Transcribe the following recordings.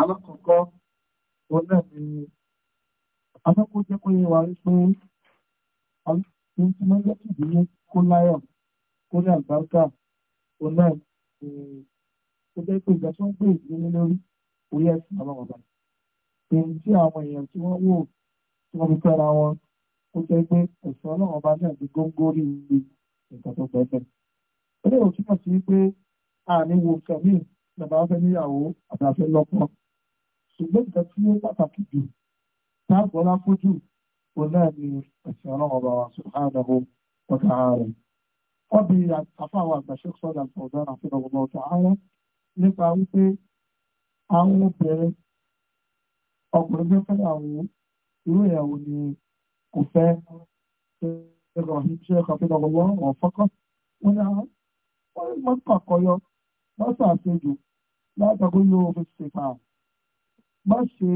alákọ̀ọ́kọ́ òun náà ni alákọ̀ọ́ jẹ́ pé wà ń pín ohun tí wọ́n yẹ́kì bí ní kó láyọ̀ kó ní àgbáríkà òun náà ó jẹ́ pé ìgbà tí wọ́n gbé ìdílé lórí orí ẹ̀sìn ọlọ́wọ́ báyìí èyí tí àwọn èèyàn tí wọ́n wò tí wọ́n fi fẹ́ra ó jẹ́ pé ẹ̀sìn ọlọ́wọ́ bá náà di góńgó rí nǹkan tó fẹ́ bẹ́ẹ̀. ó lè túmọ̀ sí pé àní wo kẹ̀mí bàbá fẹ́ níyàwó àbí lọ́pọ̀ ṣùgbọ́n nǹkan tí ó pàtàkì jù táàbọ̀lá fojú òun náà ni ẹ̀sìn ọlọ́run ọba wa subhanahu wa ta'ala wọ́n bí àfáwọn àgbàṣe sọ́dà ọ̀dọ́ àti ọ̀gbọ̀n ọ̀tọ̀ ààrẹ nípa wípé àwọn obìnrin ọkùnrin tó fẹ́ àwọn irú ìyàwó ni kò fẹ́ ẹgbẹ̀rún ọ̀hún ṣe ẹ̀kọ́ tó lọ́wọ́ wọ́n fọ́kọ́ wọn ni àwọn mọ́tò àkọyọ lọ́sọ̀ àṣejù látàgbé má ṣe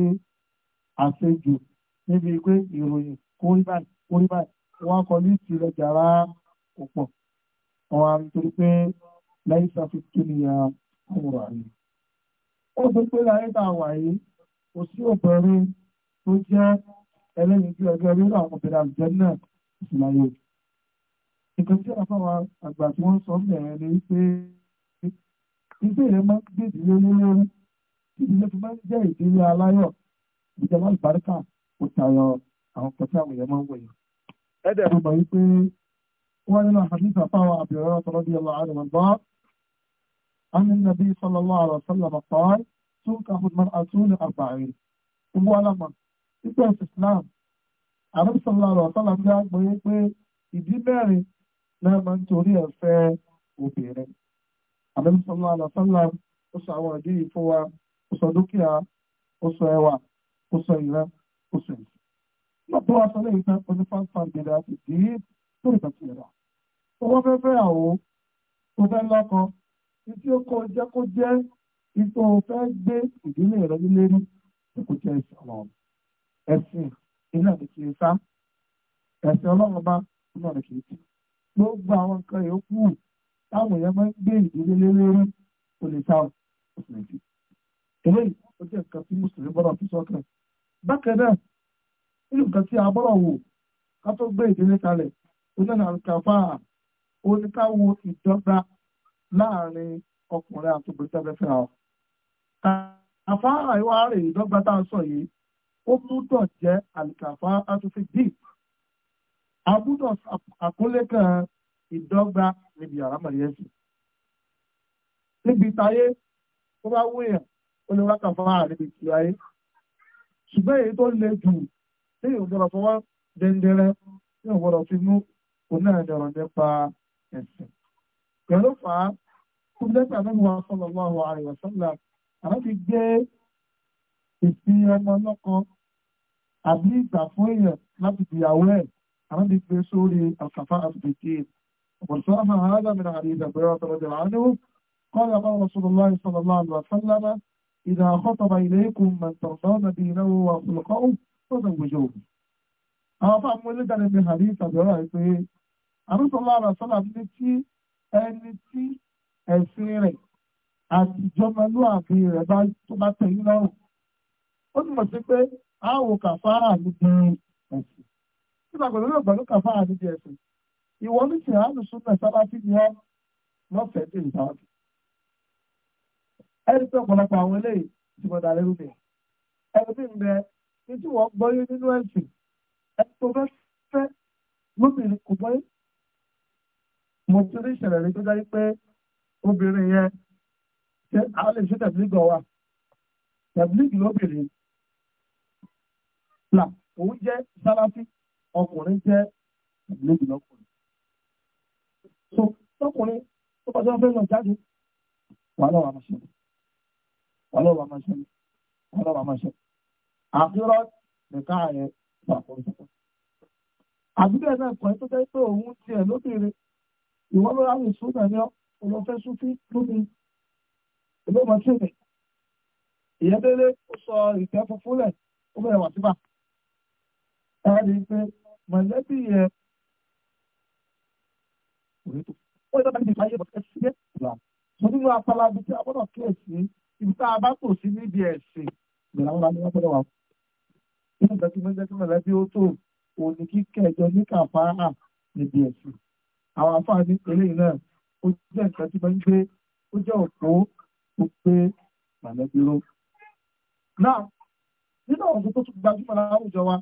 àṣejù níbi pé ìròyìn kórí báyìí kórí báyìí wọ́n kọ ní ti lọ́jà rá kò pọ̀ àwọn àrítorí pé lẹ́yìn sáfíkì kí ni àwọn àrí ó sọ pé láyé tá a wà yìí kò sí òbẹ̀rin tó jẹ́ ẹlẹ́yìn bí ọjọ́ rírà àwọn obìnrin àjẹ́ náà sì láyé nǹkan tí àfáwọn àgbà tí wọ́n sọ ń bẹ̀rẹ̀ ni pé iṣẹ́ gbèdìlélórí níbi ló fi máa ń jẹ́ ìdílé aláyọ̀ ìjọba ìbáríkà kò tayọ àwọn kọtí àwọn èèyàn máa ń wòye. ẹ dẹ̀ mo mọ̀ yí pé wọ́n nínú àdìsá fáwọn àbẹ̀rẹ̀ ọ̀tọ̀lọ́dí ọlọ́ àrùn bọ́ عن النبي صلى الله عليه وسلم قال تنكح المرأة لأربعين ولما إذا الإسلام عرب صلى الله عليه وسلم جاء بيقول ìdí mẹ́rin náà máa ń torí ẹ̀ fẹ́ obìnrin. Àbẹ̀mí sọ́lá àlàsánlá ó sọ ìdí yìí ó sọ dúkìá ó sọ ẹwà ó sọ ìran ó sọ èyí. nígbà tó wá sọ lẹ́yìn tán oní fanfan gbèrè àti dìé tó lè tàbí ẹ̀dá. owó fẹ́ fẹ́ àwo tó fẹ́ lọ́kọ títí ó kọ jẹ́ kó jẹ́ ipò fẹ́ gbé ìdílé rẹ nílé rí tí kò jẹ́ ẹ̀sìn ọlọ́run ẹ̀sìn ilé àti kìí sá ẹ̀sìn ọlọ́run bá ilé àti kìí tì gbogbo àwọn nǹkan yòókù táwọn èèyàn máa ń gbé ìdílé lé lórí kò lè sá ọ̀ eléyìí ó jẹ́ nǹkan tí mùsùlùmí gbọ́dọ̀ fi sọ́kàn bákan náà nínú nǹkan tí a gbọ́dọ̀ wò ká tó gbé ìdílé kalẹ̀ onílẹ̀ àlùkàfà oníkáwo ìdọ́gba láàrin ọkùnrin àti obìnrin tẹ́lẹ̀ fẹ́ra ọ. àfa àìwá rè ìdọ́gba tá a sọ yìí ó gbúdọ̀ jẹ́ àlùkàfà àtúnfi dì a gbúdọ̀ àkólé kan ìdọ́gba níbi àrámọ̀lẹ́sìn níbi táyé tó bá wúyàn oníwákà fún ààrẹ ìtì ayé ṣùgbọ́n èyí tó le jù tí yóò gbọ́dọ̀ fọwọ́ dẹ́ndẹ́rẹ́ tí yóò gbọ́dọ̀ fi mú oní ẹ̀dọ̀rọ̀ nípa ẹ̀sìn pẹ̀lú fà á tó dẹ́pẹ̀ nínú wa sallallahu alaihi wasallam àwọn ti gbé ìsìn ọmọ ọlọ́kọ àbí ìgbà fún èèyàn láti dìyàwó ẹ̀ àwọn ti gbé sórí àkàfà àtìkè ọ̀pọ̀lọpọ̀ àwọn aráàlú mi قال قال رسول الله صلى الله عليه وسلم إذا خطب إليكم من ترضون دينه وخلقه فزوجوه àwọn fún àwọn olóògbé ní hadith àbẹ̀rẹ̀ àìpé àrùsọ̀lá àràsọ́là ní tí ẹni tí ẹ̀sìn rẹ̀ àti ìjọmọlúàbí rẹ̀ bá tó bá tẹ̀yìn lọ́rùn ó túmọ̀ sí pé a ò kàfàrà níbi ẹ̀sìn nígbà pẹ̀lú yóò gbẹ̀lú kàfàrà níbi ẹ̀sìn ìwọ ní tìhánù súnmọ̀ sábà fi ni ọ lọ́fẹ̀ẹ́ dé ìdáàbò ẹni tó ọ̀pọ̀lọpọ̀ àwọn eléyìí ti bọ̀dà lẹ́rú mi ẹni tí ń bẹ ní tí wọ́n gbọ́yé nínú ẹ̀sìn ẹni tó fẹ́ fẹ́ lóbìnrin kò gbọ́yé mo ti rí ìṣẹ̀lẹ̀ rí tó dájú pé obìnrin yẹn ṣe àwọn lè ṣe tẹ̀blígì ọ̀wà tẹ̀blígì lóbìnrin là òun jẹ́ sáláfí ọkùnrin jẹ́ tẹ̀blígì lọ́kùnrin so tọkùnrin tó bá tó fẹ́ lọ jáde wàhálà wà lọ́sọ̀rọ̀ ọlọ́wà máa ṣẹlẹ̀ ọlọ́wà máa ṣẹlẹ̀ àbúrò nìkan ààrẹ wà fún ìṣẹ̀lẹ̀. àbúrò ẹ̀ náà kọ́ ẹ tó jẹ́ pé òun tiẹ̀ lóbìnrin ìwọ́n ló ráyè sún nàní ọlọ́fẹ́ súnfí lómi ìlú ọmọ tí mi. ìyẹn délé ó sọ ìtẹ́ funfun lẹ̀ ó bẹ̀rẹ̀ wà síbà. ẹ rí i pé mọ̀lẹ́bí yẹn ó yẹ kó bá ti di ìfàyè bọ̀ ẹ sí ẹ̀ mo nínú apalabi tí a gbọ́dọ̀ kíyèsí ibi tá a bá kò sí níbi ẹ̀sìn ìgbàlá wọn bá ní wọ́n pẹ́lẹ́ wà. nínú ìgbà tí mo ń jẹ́ kí mọ̀lẹ́bí ó tó òun ní kíkẹ́jọ ní kàfáà níbi ẹ̀sìn. àwọn afáàní eléyìí náà ó jẹ́ nǹkan tí mo ń gbé ó jẹ́ òpó ó pé mọ̀lẹ́bí náà nínú ọ̀dún tó tún gbajúmọ̀ láwùjọ wa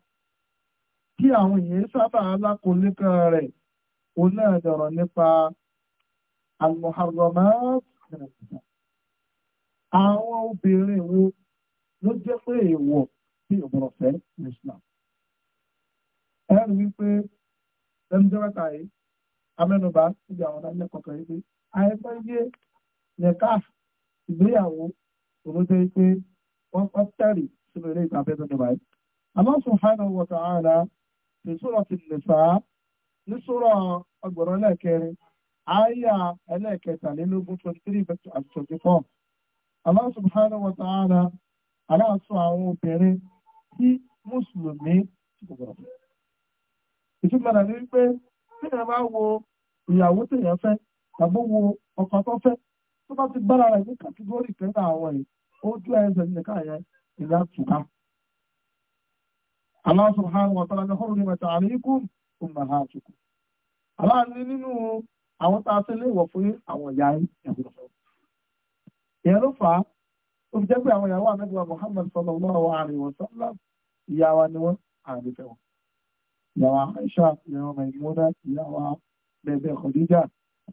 kí àwọn èèyàn sábà alákòólé rẹ̀ òun náà dọ̀rọ̀ nípa al-muharramat àwọn obìnrin wo ló jẹ́ pé èèwọ̀ tí ìbọ̀rọ̀ fẹ́ ní Islam ẹ̀rù wípé lẹ́mdẹ́rẹ́ta yìí amẹ́nubà síbi àwọn ọ̀dánilẹ́kọ̀ọ́ kan yìí pé àìpẹ́ yé nẹ̀ká ìgbéyàwó olójẹ́ pé wọ́n pọ́ tẹ́rì sínú ilé ìta abẹ́tọ̀ ní báyìí Allah subhanahu wa ta'ala fi surati Nisa ní sọ́rọ̀ ọgbọ̀rọ̀ ẹlẹ́ẹ̀kẹrin àyà ẹlẹ́ẹ̀kẹtàlélógún twenty three twenty four Allah subhanahu wa ta'ala aláàtọ̀ àwọn obìnrin tí mùsùlùmí ti gbọ̀gbọ̀ fún. ìtumọ̀ rẹ̀ ni wípé tí èèyàn bá wo ìyàwó tèèyàn fẹ́ tàbí wo ọkọ tó fẹ́ tó bá ti gbára rẹ̀ ní kàtígórì kẹta àwọn yìí ó ju ẹsẹ̀ nìkan yẹn ìyá tùká. Allah subhanahu wa ta'ala ní hurrimat alaykum ummahatukum. aláàní nínú àwọn tá a ti léèwọ̀ fún àwọn ìyá ẹ̀gbọ́n ìyẹn ló fà á ó fi jẹ́ pé àwọn ìyàwó àmẹ́gbẹ̀wá Muhammad sallallahu alaihi wasallam ìyàwó ni wọ́n àrífẹ́ wọn ìyàwó Aisha ìyàwó Maimuna ìyàwó bẹ̀bẹ̀ Khadija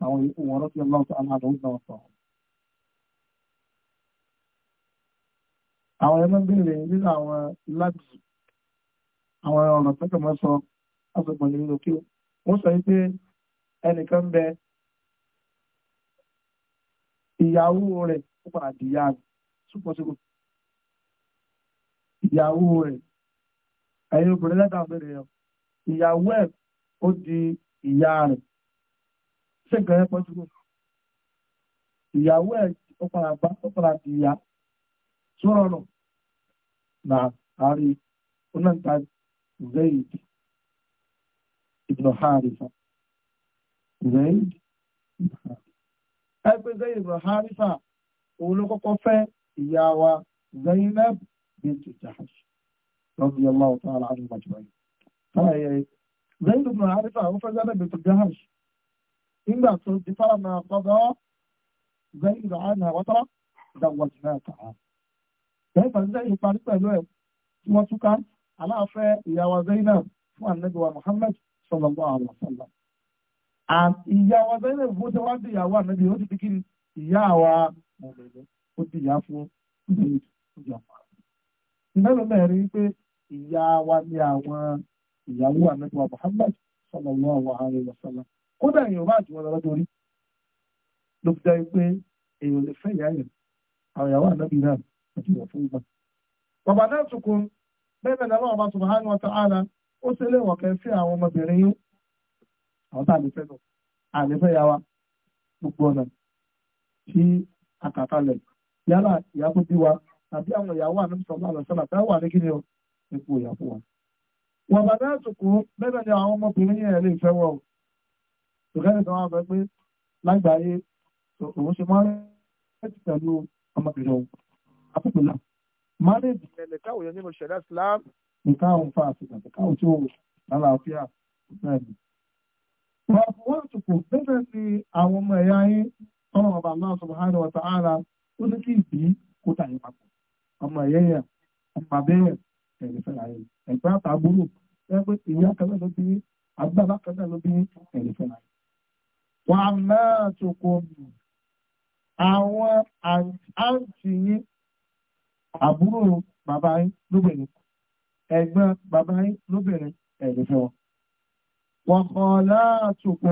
àwọn ìyàwó wọn rọ́bì ọlọ́run tó aláàbò náà sọ. àwọn ẹgbẹ́ ń bèèrè nínú àwọn lábì àwọn ọ̀nà tó kàn máa sọ àsopọ̀ ní òkè wọ́n sọ pé ẹnìkan bẹ ìyàwó rẹ̀ ó padà di ìyá rẹ̀ ṣùgbọ́n ṣe kò ìyàwó rẹ̀ ẹ̀yin obìnrin lẹ́tà bẹ̀rẹ̀ yẹn ìyàwó ẹ̀ ó di ìyá rẹ̀ ṣé nǹkan yẹn pọ́n dúró ìyàwó ẹ̀ ó padà bá ó padà di ìyá sọ̀rọ̀ nù nà àárí onáǹtà Zayd ibn Haritha Zayd ibn Haritha ẹgbẹ́ Zayd ibn Haritha òun ló kọ́kọ́ fẹ́ ìyá wa Zainab bintu Jahash rọ́bì ọlá ọ̀tá aláàánú màjúmáyé. Zainab bin Harifa ó fẹ́ Zainab bintu Jahash nígbà tó di fáramà kọ́dọ̀ Zainab àánú àwọ̀tọ́rọ̀ dàgbàjì náà kà á. Lẹ́yìn pàṣẹ Zainab parí pẹ̀lú ẹ̀ tí wọ́n túká aláàfẹ́ ìyá wa Zainab fún ànẹ́gbẹ̀wá Muhammad sallallahu alaihi wasallam ìyá wa Zainab bó ṣe wá di ìyàwó ànábì ó ti di kí ìyá wa ọ̀rẹ́rẹ́ ó jìyà fún ìdílé ìjọba. ìmẹ́lò náà rí pé ìyá wa ní àwọn ìyàwó Muhammad sallallahu alaihi wasallam kódà èèyàn bá jù ji lọ lọ́dọ̀ orí ló fi dáyé pé èèyàn lè fẹ́ ìyá rẹ̀ àwọn ìyàwó àmẹ́bí náà tukun bẹ́ẹ̀ náà lọ́wọ́ bá subhanahu wa ta'ala ó wa àkàkalẹ̀ yálà ìyá tó bí wa tàbí àwọn ìyàwó àmísọ̀lá àlọ́sọ́lá tá wà ní kí ni o ipò ìyàwó wa. wọ́n bàbá àtùkù bẹ́ẹ̀ ni àwọn ọmọbìnrin yẹn lè fẹ́ wọ̀ ṣùgbọ́n ìtàn wọn fẹ́ pé lágbàáyé òun ṣe máa ń rẹ́ẹ̀tì pẹ̀lú ọmọbìnrin òun àpòpọ̀lá. mánéèjì yẹn lè káwọ̀ yẹn nínú ṣẹ̀dá Islam. nǹkan àwọn fa àfihàn nǹkan àwọn tí ó lálàáfíà bẹ́ẹ̀ ni. wọ́n àtùkù bẹ́ẹ̀ ni àwọn ọmọ ẹ̀yà yín ọmọ ọba Allah subhanahu wa ta'ala ó ní kí ìbí kó tà yín papọ̀ ọmọ ẹ̀yẹ́ yẹn ọmọ abẹ́yẹ ẹ̀rí fẹ́ láyé ẹ̀gbẹ́ àtàbúrò ẹ pé ìyá kan náà ló bí agbára kan náà ló bí ẹ̀rí fẹ́ láyé. wà á máa tòkò mù àwọn àǹtí yín àbúrò bàbá yín lóbìnrin ẹ̀gbọ́n bàbá yín lóbìnrin ẹ̀rí fẹ́ wọn. wọ́n kọ́ láàtòkò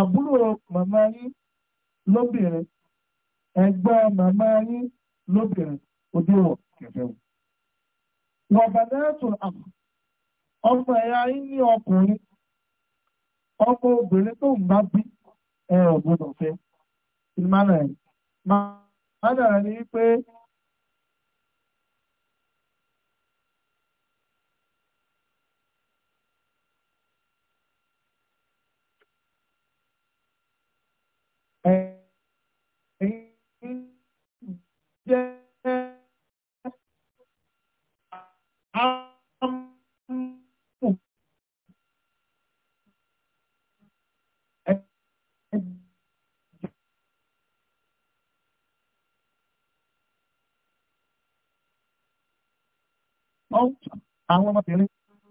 àbúrò màmá yín lóbìnrin ẹ̀gbọ́n màmá yín lóbìnrin òdiwọ̀n kẹfẹ́ wò. wọ́n bàdá ẹ̀tùn àmọ́ ọmọ ẹ̀yà yín ní ọkùnrin ọmọ obìnrin tó ń bá bí ẹ̀ ọ̀gbọ́dọ̀ fẹ́ ìmánà máa dára ní pé é, àwọn ọmọbìnrin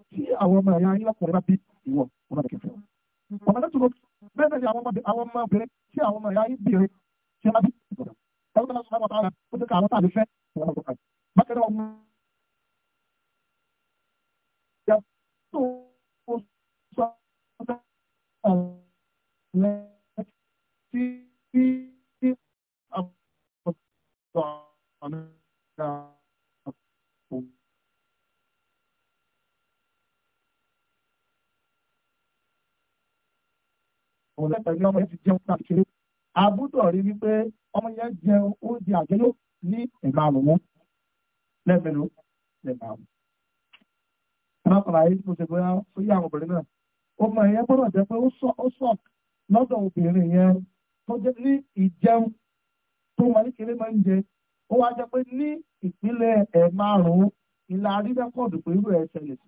tí àwọn ọmọ ẹ̀yà ayé lọ́pọ̀ rẹ̀ bá bí ìwọ̀n ọmọdé kẹfẹ́ wọn. ọmọdé tó lọ bẹ́ẹ̀ ni àwọn ọmọbìnrin tí àwọn ọmọ ìyá yìí bìrì tí wọ́n bí ìgbọ̀dọ̀ ẹ̀rọ tó lọ sọ́nà ọ̀tá rẹ̀ ó ti ká àwọn tàbí fẹ́ ìwọ̀n ọ̀gbọ̀n kan bákan náà wọ́n tó o sọ ọ̀tá rẹ̀ tí tí àwọn ọ̀tá rẹ̀ òun lẹ́tọ̀ọ́ ní ọmọ yẹn ti jẹun káàkiri a gbọ́dọ̀ rí wípé ọmọ yẹn jẹun oúnjẹ àjẹyó ní ìmàrùn-ún lẹ́mẹ̀lú lẹ́màrún. arákùnrin ayé tó ṣe bóyá ó yá àwọn obìnrin náà ọmọ yẹn gbọ́dọ̀ jẹ́ pé ó sọ̀ lọ́dọ̀ obìnrin yẹn tó jẹ́ ní ìjẹun tó wà ní kéré máa ń jẹ ó wá jẹ́ pé ní ìpínlẹ̀ ẹ̀ márùn-ún ìlà rí rẹ́kọ̀dù pé irú ẹ̀ ṣẹlẹ̀ sí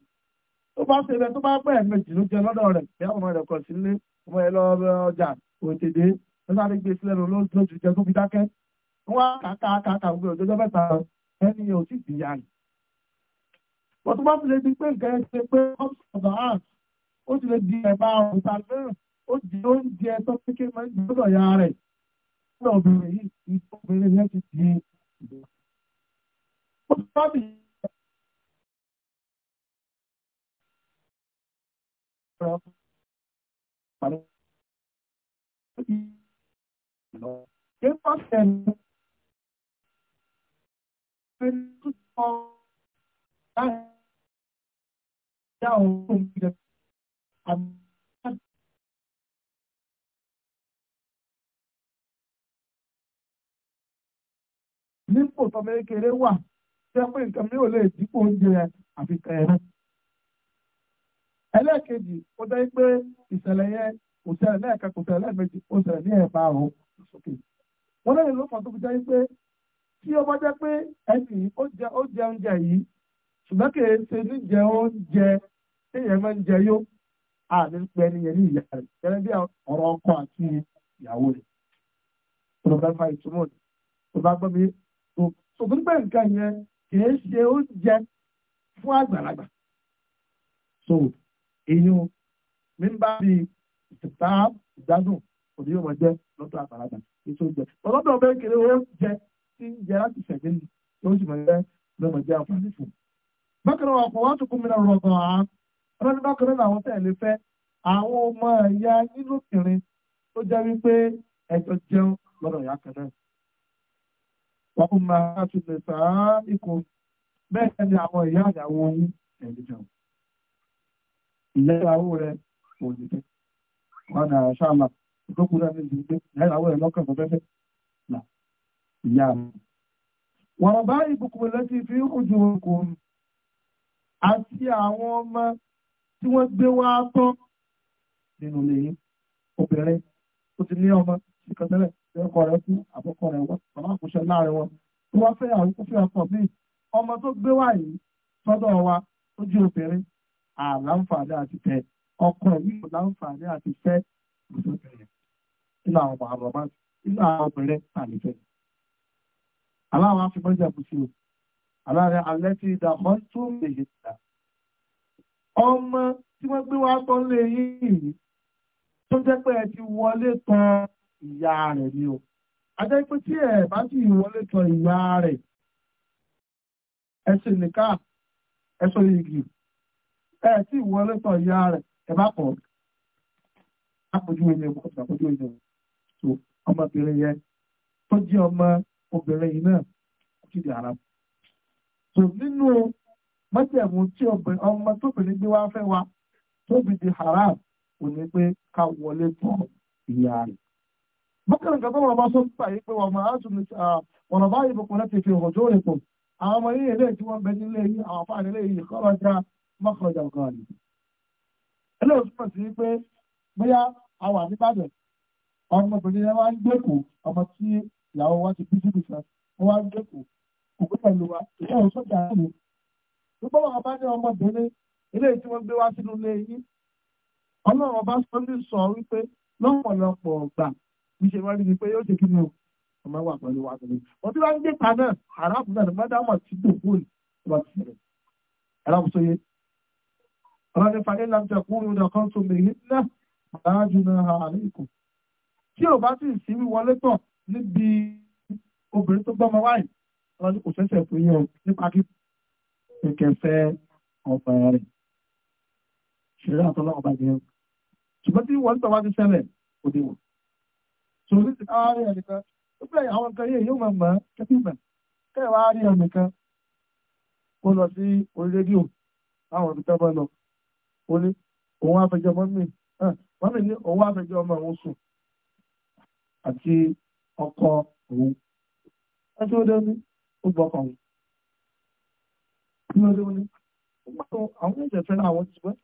tó bá ṣe bẹ tó bá pẹ́ ẹ̀mejì ló jẹ lọ́dọ̀ rẹ̀ bí àwọn ọmọ rẹ̀ kọ̀ sí ilé ọmọ ẹ̀ lọ ọjà òtèdè lọ́sàdé gbé sílẹ̀ lọ lójú jẹ tó fi dákẹ́ wọ́n á kàkà kàkà gbogbo òjòjọ́ mẹ́ta ẹni ò sì gbìyà rẹ̀. wọ́n tó bá ti lè di pé nǹkan ẹ̀ ṣe pé ọ̀sán ó ti lè di ẹ̀bá ọ̀rùn tàbí ó di oúnjẹ tó kékeré máa ń di lọ́dọ̀ ya rẹ̀ lọ́dọ̀ obìnrin yìí ìfọ̀bìnrin yẹn ti di ìgbà. ó ti Nípò tọmọ kékeré wà, jẹ́ pé nǹkan mi ò lè dípò oúnjẹ àfikẹ́ ẹ̀rọ ẹlẹ́ẹ̀kejì ó jẹ́ pé ìṣẹ̀lẹ̀ yẹn kò ṣẹlẹ̀ lẹ́ẹ̀kan kò ṣẹlẹ̀ lẹ́ẹ̀mejì ó ṣẹlẹ̀ ní ẹ̀ẹ̀mà ọ̀hún sókè. wọ́n lẹ́yìn ló fà tó fi jẹ́ pé tí ó bá jẹ́ pé ẹnì ó jẹ oúnjẹ yìí ṣùgbọ́n kì í ṣe ní jẹ oúnjẹ téèyàn máa ń jẹ yó àní pé ẹni yẹn ní ìyá rẹ̀ gẹ́gẹ́ bí ọ̀rọ̀ ọkọ àti ìyàwó rẹ̀ tó bá ìtumọ̀ mi tó tó gbẹ́ nǹkan yẹn kì í ṣe oúnjẹ fún èèyàn mímbà bíi ìtìpá ìgbádùn òní yóò máa jẹ lọ́tọ̀ àgbàlagbà ètò ìjẹ ọlọ́dọ̀ ọbẹ̀ kéré ó jẹ tí ń jẹ láti ṣẹ̀gbẹ́ ni tí ó sì máa jẹ ló máa jẹ àǹfààní fún. bákan náà ọkọ̀ wọn tún kún mi náà rọ̀gàn á ọlọ́ni bákan náà làwọn tẹ̀lé fẹ́ àwọn ọmọ ẹ̀yà nínú kìnrin tó jẹ́ wípé ẹ̀jọ̀ jẹun lọ́dọ̀ ìyá kan náà. wọ́n kún máa tún lè sàá ikùn bẹ́ẹ̀ ni àwọn ìyá àyàwó yín tẹ̀lé jẹun ìlẹ́ràwó rẹ̀ kò ní fẹ́ wọn náà ṣáàmà ìkókù rẹ̀ ní ìdílé ìlẹ́ràwó rẹ̀ lọ́kàn tó fẹ́fẹ́ là ìyá mi. wọ́n bá ìbùkún lẹ́tí fi ń kojú okùn àti àwọn ọmọ tí wọ́n gbé wá tọ́ nínú lẹ́yìn obìnrin tó ti ní ọmọ nìkan tẹ́lẹ̀ ẹ̀kọ́ rẹ̀ kú àkọ́kọ́ rẹ̀ wọ́n bàbá àkóṣe láàrin wọn tí wọ́n fẹ́ àwọn kó fẹ́ ọkọ̀ míì ọmọ tó gbé wá yìí sọ́dọ̀ wa tó obìnrin àlàǹfààní àti tẹ ọkọ yìí kò láǹfààní àti fẹ́ ìfọbìnrin nínú àwọn ọmọ àbàbà nínú àwọn obìnrin àlejò aláwọn afimọ́jà kù sí o aláàrẹ alẹ́ ti dà ọ́ tó lèyìn dà ọmọ tí wọ́n gbé wá tọ́ lé yìí tó jẹ́ pé ẹ ti wọlé tọ̀ ìyá rẹ̀ ni o ajẹ́ pé tí ẹ bá sì wọlé tọ̀ ìyá rẹ̀ ẹ sì nìka ẹ sọ yìí ẹ tí ìwọlé tọ̀ ìyá rẹ̀ ẹ bá kọ̀ àpòjú ẹ̀yẹ mọ́ àpòjú ẹ̀yẹ mọ́ so ọmọbìnrin yẹn tó jẹ́ ọmọ obìnrin yìí náà kò tí ì di ara so nínú mọ́jẹ̀mú tí ọmọ tóbìnrin gbé wá fẹ́ wa tóbi di haram kò ní pé ká wọlé tọ̀ ìyá rẹ̀ bákan nǹkan tó wọn bá sọ nípa yìí pé wọn máa tún ọ̀nà báyìí bọ̀kùnrin ti fi hàn jóòrè pọ̀ àwọn ọmọ yìí ilé tí wọ́n bẹ nílé yìí àwọn afáàní ilé yìí kọ́ mọ́kànlá ọ̀gá rẹ̀. eléyìí túmọ̀ sí pé bóyá a wà níbàdàn ọmọbìnrin yẹn wá ń gbẹ́kọ̀ọ́ ọmọ tí ìyàwó wa ti bí síbi kan wọ́n wá ń gbẹ́kọ̀ọ́ kò gbé pẹ̀lú wa ìyá òun sọ́jà rẹ̀. gbogbo àwọn bá ní ọmọbìnrin eléyìí tí wọ́n gbé wá sínú ilé yín ọlọ́run ọba sọ́ndé sọ wípé lọ́pọ̀lọpọ̀ ọ̀gbà níṣẹ́ wọ́n rí i pé yóò ṣe kí ni o ọmọ wà pẹ̀lú wa pẹ̀lú wọn tí wọ́n ń gbé pa náà aráàbù náà ni mọ́dàmọ̀ ti dòkú ìwà ti sẹ̀rẹ̀ ọlọ́ni fàdé lábẹ́ kúrò ìdọ̀kan tó lè nílẹ̀ àájú náà àríkù tí ò bá sì sí wíwọlé tọ̀ níbi obìnrin tó gbọ́mọ wáyé ọlọ́ni kò ṣẹ̀ṣẹ̀ fún yẹn nípa kí kẹ̀kẹ́fẹ́ ọ̀pẹ rẹ̀ ṣeré àtọ́lọ́ ọba jẹun ṣùgbọ́n tí wọ́n tọ́ wá ti ṣẹlẹ̀ kò dé wọ̀ tó ti káwá rí ẹnìkan ó bẹ̀rẹ̀ àwọn nǹkan yìí yóò máa mọ̀ ẹ́ kẹ́kẹ́ mọ̀ rí ẹnìkan ó lọ sí orí rédíò láwọn ọdún tẹ́ bọ́ lọ ó ní òun àfẹjọ mọ́mí mọ́mí ní òun àfẹjọ ọmọ òun sùn àti ọkọ òun ẹjọ́ ó dẹ́ni ó gbọ́kọ̀ òun kí ló dé ó ní àwọn ẹ̀jẹ̀ fẹ́ràn àwọn ti pẹ́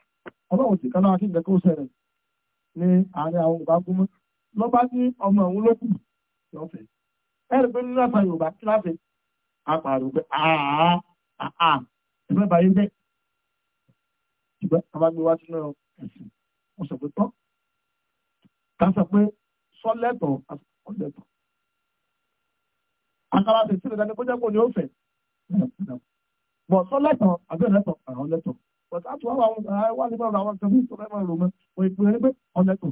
ọlọ́run sì kan náà kí kó ṣẹlẹ̀ ní àárín àwọn òbá gúnmọ́ lọ ní ọmọ òun ló kù lọ́fẹ̀ẹ́ ẹ̀rì pé nínú àṣà Yorùbá kíláàsì apàrọ̀ pé àá àá ẹ̀fẹ́ bàyẹ̀ bẹ́ẹ̀ ṣùgbọ́n a máa gbé wá sínú ẹ̀sìn mo sọ pé tọ́ ká sọ pé sọ́lẹ̀tọ̀ ọ̀lẹ̀tọ̀ àkàrà tẹ̀ sílẹ̀ dání kọjá kò ní ó fẹ̀ bọ̀ sọ́lẹ̀tọ̀ àbí ọ̀lẹ̀tọ̀ àwọn ọ̀lẹ̀tọ̀ bọ̀ tá a tún wá wà nípa ọ̀rọ̀ àwọn kan fún ìtọ́lẹ̀ máa rò mọ́ mo ìpè ẹni pé ọ̀lẹ̀tọ̀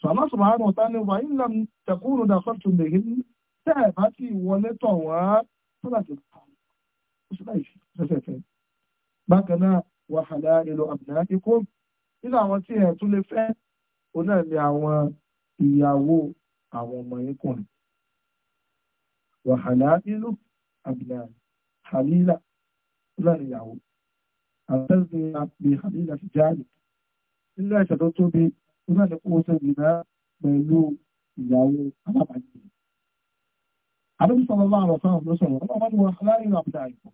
sọ̀lá sọ̀rọ̀ àwọn ọ̀tá ni wà ń làm tẹ̀kúrò dà sọ́ọ̀tù lèyí tẹ́ ẹ̀ bá ti wọlé tọ̀ wá sọ́lá ti bákan náà wàhálà èlò àbùdáyàkíkó nínú àwọn tí ẹ̀ tún lè fẹ́ òun náà ni àwọn ìyàwó àwọn ọmọ yín kùnrin wàhálà èlò àbùdáyàkíkó halila òun náà ni ìyàwó àtẹ́sìn àpè halila ti jáde nínú ẹ̀ṣẹ̀ tó tóbi òun náà ni kó o ṣe ìgbìmọ̀ pẹ̀lú ìyàwó alábàájì àdébùsọ̀lọ́lá àrọ̀sán àbúrò sọ̀rọ̀ ọlọ́wọ́n ni wọ́n aláìní àbùdáyàkíkó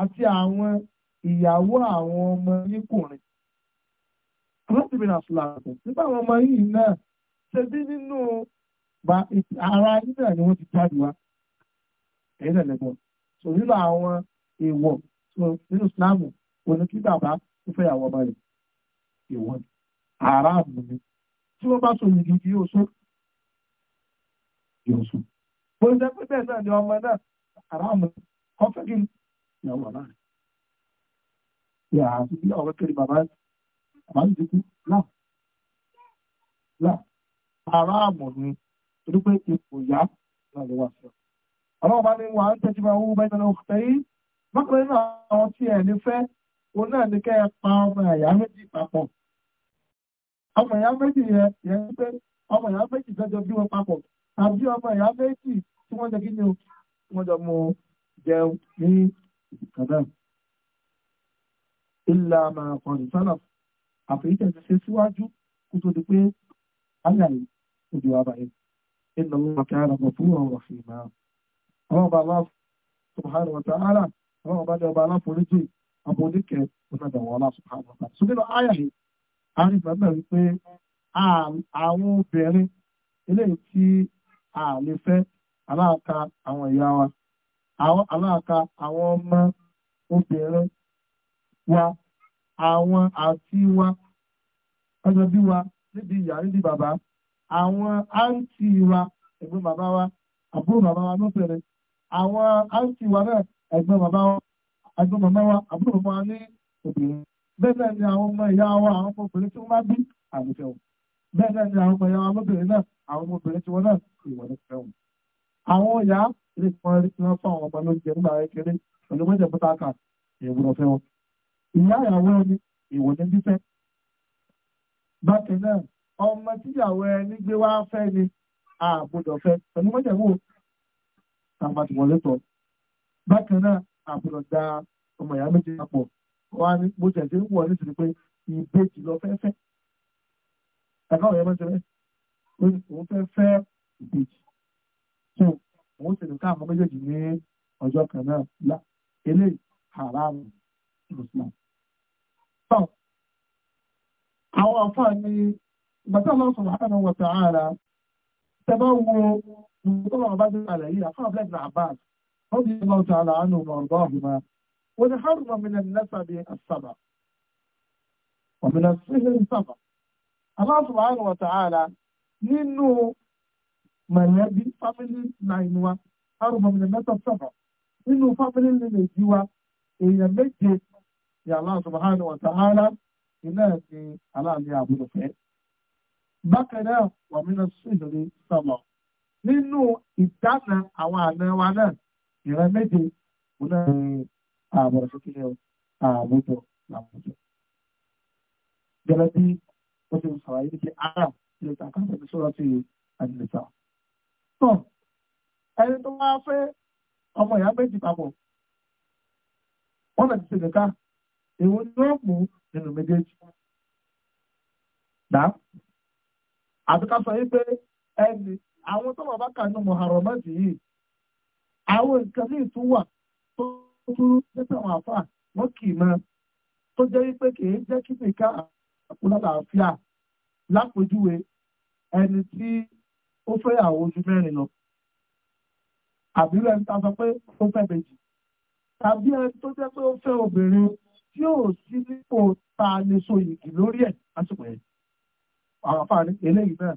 àti àwọn ìyàwó àwọn ọmọ yín kùnrin aláṣìbìnrin àfúlàkùn nígbà àwọn ọmọ yìí náà ṣe bí nínú ara yín náà ni wọ́n ti jáde wá ẹ̀yìn náà so nínú àwọn èèwọ̀ so nínú Islam òní kí bàbá tó fẹ́ yàwó ọmọ rẹ̀ èèwọ̀ ni aráàmù ni tí wọ́n bá sọ̀rọ̀ gidi yóò sọ yóò sọ bó ṣe pé bẹ́ẹ̀ náà ni ọmọ náà aráàmù ni kọ́fẹ́ kí ni ìyàwó ọ̀la rẹ̀ pé àti bí ọ̀rọ̀ kiri bàbá bàbá ń dìkú náà náà aráàmù ni torí pé ipò ìyá náà ló wà sí ọ. ọlọ́run bá ní wà á ń tẹ́jú bá owó bẹ́ẹ̀ lọ́wọ́ fẹ́ yìí bákan náà àwọn tí ẹ̀ ní fẹ́ òun náà ní kẹ́ ẹ pa ọmọ ẹ̀yà méjì papọ̀. ọmọ ẹ̀yà méjì yẹn yẹn pé ọmọ ẹ̀yà méjì jọjọ bí wọn papọ̀ tàbí ọmọ ìlà máa kan ìtọ́nà àfẹ́yìntẹ̀ ti ṣe síwájú kó tó di pé ayà òjò àbàyẹ ìlà wọn kí ara bọ̀ fún ọ̀rọ̀ fi máa ọmọ ọba aláà subhanahu wa ta'ala ọmọ ọba ní ọba aláforíjì ọmọ oníkẹ onídàwọ̀ ọlá subhanahu wa ta'ala ṣùgbọ́n ayà yìí a rí ìgbà mẹ́rin pé àwọn obìnrin eléyìí tí a lè fẹ́ aláàka àwọn ìyá wa aláàka àwọn ọmọ obìnrin wa àwọn àti wa ọjọ́ bí wa níbi ìyá níbi bàbá àwọn àǹtí wa ẹ̀gbọ́n bàbá wa àbúrò bàbá wa lọ́fẹ̀rẹ̀ àwọn àǹtí wa náà ẹ̀gbọ́n bàbá wa ẹ̀gbọ́n bàbá wa àbúrò bàbá wa ní obìnrin bẹ́ẹ̀ náà ni àwọn ọmọ ìyá wa àwọn ọmọ obìnrin tí wọ́n bá bí àwùjọ bẹ́ẹ̀ náà ni àwọn ọmọ ìyá wa lọ́bìnrin náà àwọn ọmọ obìnrin tí wọ́n náà ìwọ̀n ní fẹ́ wọn. àwọn ìyá lè pọn ẹni tí wọ́n fún àwọn ọmọ lóúnjẹ nígbà kékeré pẹ̀lú mọ́jẹ̀ pátá kà èèwọ̀ fẹ́ wọn ìyá ìyàwó ẹni ìwò ní fífẹ́. Bákan náà, ọmọ tíyàwó ẹni gbé wá fẹ́ ni àgbọdọ̀ fẹ́, pẹ̀lú mọ́jẹ̀wò tàbá ti wọlé tọ̀. Bákan náà, àgbọdọ̀ da ọmọ ìyá méjì papọ̀. Wọ́n á ní bó tẹ̀ sí ń wọ̀ nítorí pé ìbejì lọ fẹ́fẹ́. Ẹ̀ka ọ̀yẹ́ mọ́ ṣẹlẹ̀, ó ní òun fẹ́ fẹ́ ìbejì. So, òun sì ní ká àwọn méjèèjì ní ọjọ́ kan náà lá. Eléyìí, haram Muslim àwọn àfáà ni ìgbàtà lọ́wọ́ sọ̀rọ̀ àtàrà wọ̀ tààrà tẹ́bá wo ìgbàtà bá jẹ́ àlàyé àfáà black na abbas wọ́n bí lọ́wọ́ tààrà ánù ọ̀rọ̀ ọ̀hùnmá wọ́n ni haruma minan nasabi asaba wọ́n minan sihiri saba Allah subhanahu wa ta'ala mọ̀lẹ́bí fámílì láìní wa haruma minan nasabi nínú fámílì nínú èjì èèyàn méje ti Allah subhanahu wa ta'ala iná ti aláàmì àbúrò fẹ́. bákan náà wà mí lọ sí ìdílé sọmọ nínú ìdáná àwọn àna wa náà ìran méje òun náà ni àbọ̀rọ̀ sókè àwùjọ làwùjọ. gẹ́gẹ́ bí ó ti sọ̀rọ̀ yìí ti ara ti lè tàkà tẹ̀lé sọ̀rọ̀ ti àdìlẹ̀sà. tọ́ ẹni tó wá fẹ́ ọmọ ìyá méjì papọ̀ wọ́n lè ti ṣe èwo ni ó mú nínú méjèèjì dá àti ká sọ yí pé ẹni àwọn tó bàbá kà nínú mọ̀hàrọ̀mọ́tì yìí àwọn nǹkan ní ìtúwà tó tún nípa àwọn àfà wọn kì í mọ tó jẹ́ wípé kì í jẹ́ kí nìkan àkúlálàáfíà lápòjúwe ẹni tí ó fẹ́ àwọn ojú mẹ́rin lọ àbí rẹ̀ ń ta sọ pé ó fẹ́ méjì tàbí ẹni tó jẹ́ pé ó fẹ́ obìnrin tí ò sí nípò ta lè so yìgì lórí ẹ̀ lásìkò yẹn àwọn afáàní eléyìí náà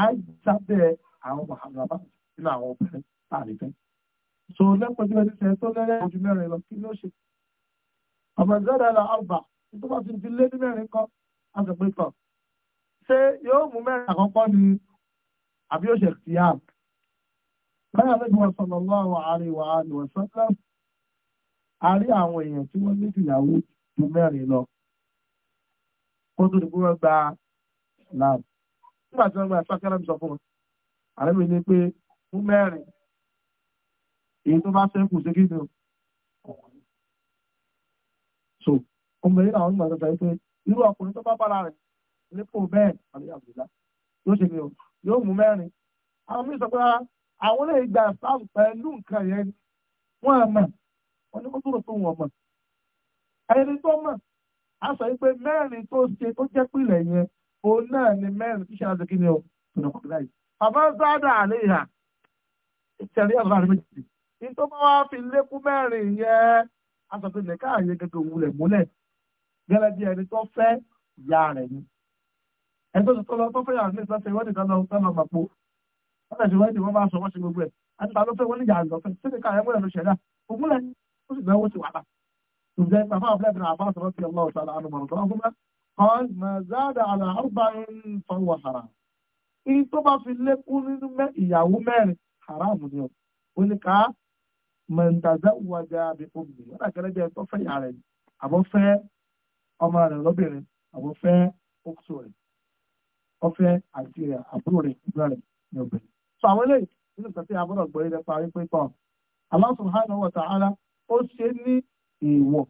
á jábẹ́ àwọn màhàmàbá nínú àwọn obìnrin tá a lè fẹ́. so lẹ́pọ̀jù ẹni sẹ́yìn tó lẹ́rẹ́ ojú mẹ́rin lọ kí ló ṣe. ọmọ ìjọba ẹ̀la àgbà tó bá ti di lé ní mẹ́rin kọ́ á sì pé kọ́. ṣé yóò mú mẹ́rin àkọ́kọ́ ni àbí yóò ṣe ti yá. báyà lẹ́nu wọn sọ̀rọ̀ lọ́wọ́ àárín wàhálì wọ̀sán wọ́n ní ju mẹ́rin lọ kó tó di pé wọ́n gba islam nígbà tí wọ́n gba islam kẹ́lẹ́ mi sọ fún wọn àlẹ́ mi ní pé fún mẹ́rin èyí tó bá sẹ́kù sí kí ni o so ọmọ yìí làwọn ìgbà tọ́ta yìí pé irú ọkùnrin tó bá bára rẹ̀ nípò bẹ́ẹ̀ àlẹ́ àbùdá yóò ṣe ni o yóò mú mẹ́rin àwọn mi sọ pé rárá àwọn olè gba islam pẹ̀lú nǹkan yẹn wọ́n mọ̀ wọ́n ní kó tó rò tó wọ́n mọ̀ ẹni tó mọ̀ á sọ wípé mẹ́rin tó ṣe tó jẹ́ pìlẹ̀ yẹn òun náà ni mẹ́rin tíṣà ṣe kí ni o tọ̀nà kọ̀ láyé. bàbá sáádà àlẹ́ ìhà ìṣẹ̀lẹ̀ ọ̀rọ̀ àrẹ méjì ní tó bá wá fi lékún mẹ́rin yẹn á sọ pé nìka àyè gẹ́gẹ́ òun lẹ̀ múlẹ̀ gẹ́lẹ́ bí ẹni tó fẹ́ ìyá rẹ̀ ni. ẹni tó ti tọ́ lọ tó fẹ́ yàrá ní ìsọ́sẹ̀ ìwádìí kan lọ sọ́nà màpó wọ́n tẹ̀sí ìwádìí wọ́n bá sọ wọ́n ṣe gbogbo ẹ̀ àti ta ló fẹ́ wọ́n ní yàrá lọ́fẹ́ sí nìka àyẹ̀wò ẹ̀ ló ṣẹ̀dá òun زي ما عبد بن عباس رضي الله تعالى عنه وارضاهما قال ما زاد على أربع فهو حرام إن طبع في الليكون إياه مال حرام اليوم ولك من تزوج بأمه ولا كان جاي توفي عليه أبو فا أمار ربيري أبو فا أكسوري أفا أكسيريا أبوري إبراري يوبري فأولي إنه تتي أبورك بريد فأولي الله سبحانه وتعالى أسيني èèwọ̀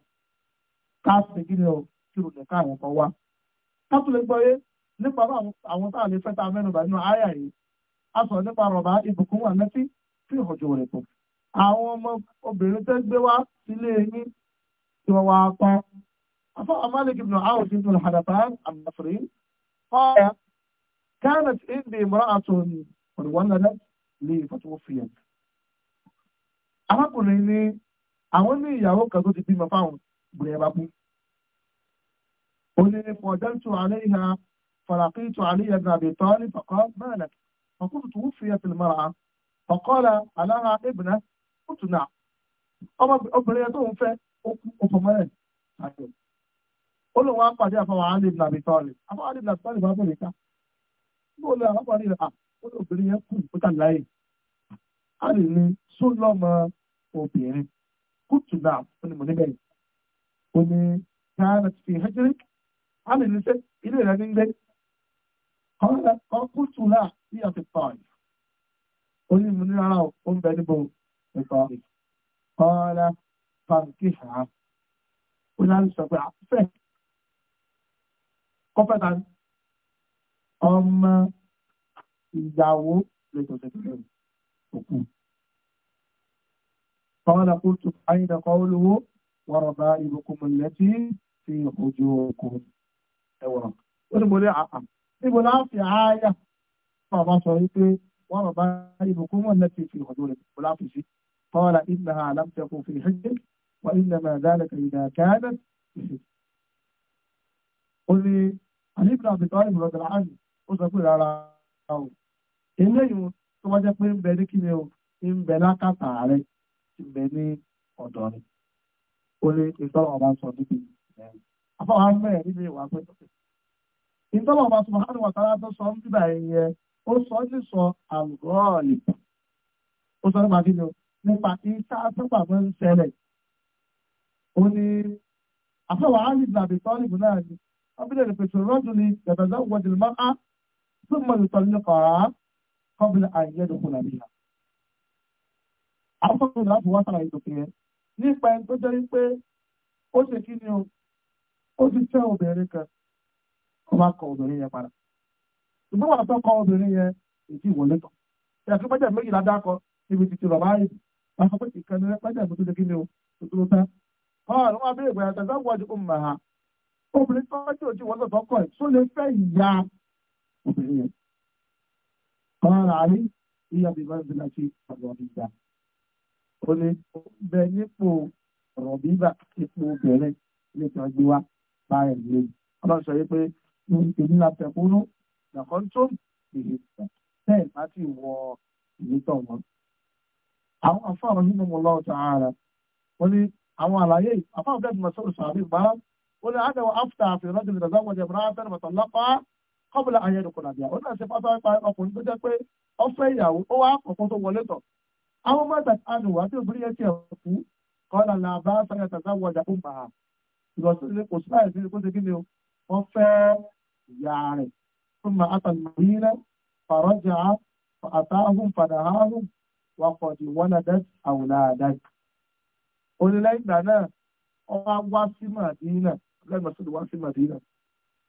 ká sì kí ni ọ kí o lè ká àwọn kan wá. ká tó lè gbọ́ yé nípa àwọn tá à lè fẹ́ tá a mẹ́nu bá nínú àyà yìí a sọ nípa rọ̀bà ìbùkún wà mẹ́tí tí ìhòjò rẹ̀ tó. àwọn ọmọ obìnrin tẹ́ gbé wá sílé yín tí wọ́n wá pa. afọ amálẹ̀kì ibùdó àwọn ti ń tún àdàpá àmàfẹ́rẹ́ ọ̀rẹ́ كانت عندي امرأة ولدت لي فتوفيت. arákùnrin ní àwọn ní ìyàwó kan tó ti bímọ fáwọn gbìyànjú bá kú. ó ní fọ̀dẹ́ntù àléhà fọ̀làkìtù àléhà ibn Abi Talib fọ̀kọ́ mẹ́rẹ̀lẹ̀ ọkùnrin tó fi ẹsẹ̀ mọ́ra ọ̀kọ́lá alára ibùnà ó tún náà obìnrin yẹn tó ń fẹ́ ó fọmọ́ àjọ. ó pàdé àfọwọ́ àlè ibn Abi Talib àfọwọ́ àlè ibn Abi Talib bá bẹ̀rẹ̀ ká bóòlù kútù náà ó ní mo níbẹ̀ yìí ó ní káàdà ti fi hẹ́jẹ́rì á lè ní sẹ́ ilé rẹ̀ ní gbé kọ́ kútù náà ní àti pààyè ó ní mo ní rárá ó ń bẹ níbo ẹ̀fọ́ ọ̀la pàǹkì hà ó ní àti sọ pé àfẹ́ kọ́fẹ́ ta ọmọ ìyàwó lè tọ̀sẹ̀ tẹ̀lé قال قلت أين قوله وربائبكم التي في حجوركم أورا ونقول عقم نقول في آية فما صحيح وربائبكم التي في حجوركم ولا في قال إنها لم تكن في حجك وإنما ذلك إذا كانت في حجك قل لي علي بن أبي طالب رضي الله عنه وسأقول على أو إليه ثم جاء من بينك يوم إن بلاك تعالي ti bẹ ní ọ̀dọ̀ rẹ̀ ó ní ìtọ́lọ̀ ọba sọ níbi ìrìn afọ́wọ́n mẹ́rin níbi ìwà pé ìtọ́lọ̀ ọba subhanahu wa ta'ala tó sọ ń bíbà ẹ̀yẹ ó sọ ní sọ àlùrọ́ọ̀lì ó sọ nípa kíni o nípa ìta sábà máa ń ṣẹlẹ̀ ó ní afọ́wọ́n á ní ìlàbí tọ́lìbù náà ni wọ́n bí lè pèsè rọ́jò ní yàtọ̀ lọ́wọ́ jùlọ máa ń tún mọ̀ lùtọ̀ nínú kọ̀ọ̀rá kọ́bìlì àìyẹ́dùkú nàbíyà àwọn tó ń láti wá sára ìtòkè yẹn nípa ẹni tó jẹ́ pé o ó ti tẹ́ obìnrin kan ó máa kọ obìnrin yẹn padà ṣùgbọ́n kọ obìnrin yẹn èyí ìwọlé tán ìyàtọ̀ pẹ́jẹ́ méjìlá dákọ níbi títí rọ̀ báyìí wọ́n sọ pé ìkànnì rẹ tó ṣe kí ni o ìgbà yàtọ̀ ha obìnrin tó ẹ̀ tó lè fẹ́ ìyá obìnrin yẹn ìyá ó ní ó bẹ nípò ọ̀rọ̀ bíbà ipò obìnrin ilé tí wọ́n gbé wá bá ẹ̀ lé ọlọ́run sọ yìí pé ní èmi la tẹ̀kúnú nàkọ́ tó lè bẹ́ẹ̀ bá ti wọ ìlétọ̀ wọn. àwọn afáàrọ̀ nínú wọn lọ́wọ́ ta ara wọ́n ní àwọn àlàyé afáàrọ̀ bẹ́ẹ̀ mọ̀ sọ́rọ̀ sàbí bá wọ́n ní àdáwọ̀ áfítà àfihàn lọ́dún ìdàgbà wọ́n jẹ́ mìíràn fẹ́rẹ̀ mọ̀tàn lápá kọ́bùlà ayẹyẹ àwọn mọ́tà àánú wà tí obìnrin yẹn ti ẹ̀kú kọ́nà là bá sáyà tàzá wọjà ó mà á ìlọsílẹ̀ kò sí láì sí kó ṣe kí ni o wọ́n fẹ́ ìyá rẹ̀ fún mà á tàn mí rẹ̀ fàrọ́jà àtàhùn fàdàhàhùn wà kọ̀dì wọ́nàdẹ́t àwùlàdẹ́t. onílẹ̀ ìgbà náà ọba wá sí màdínà lẹ́nu ọ̀sẹ̀ wá sí màdínà.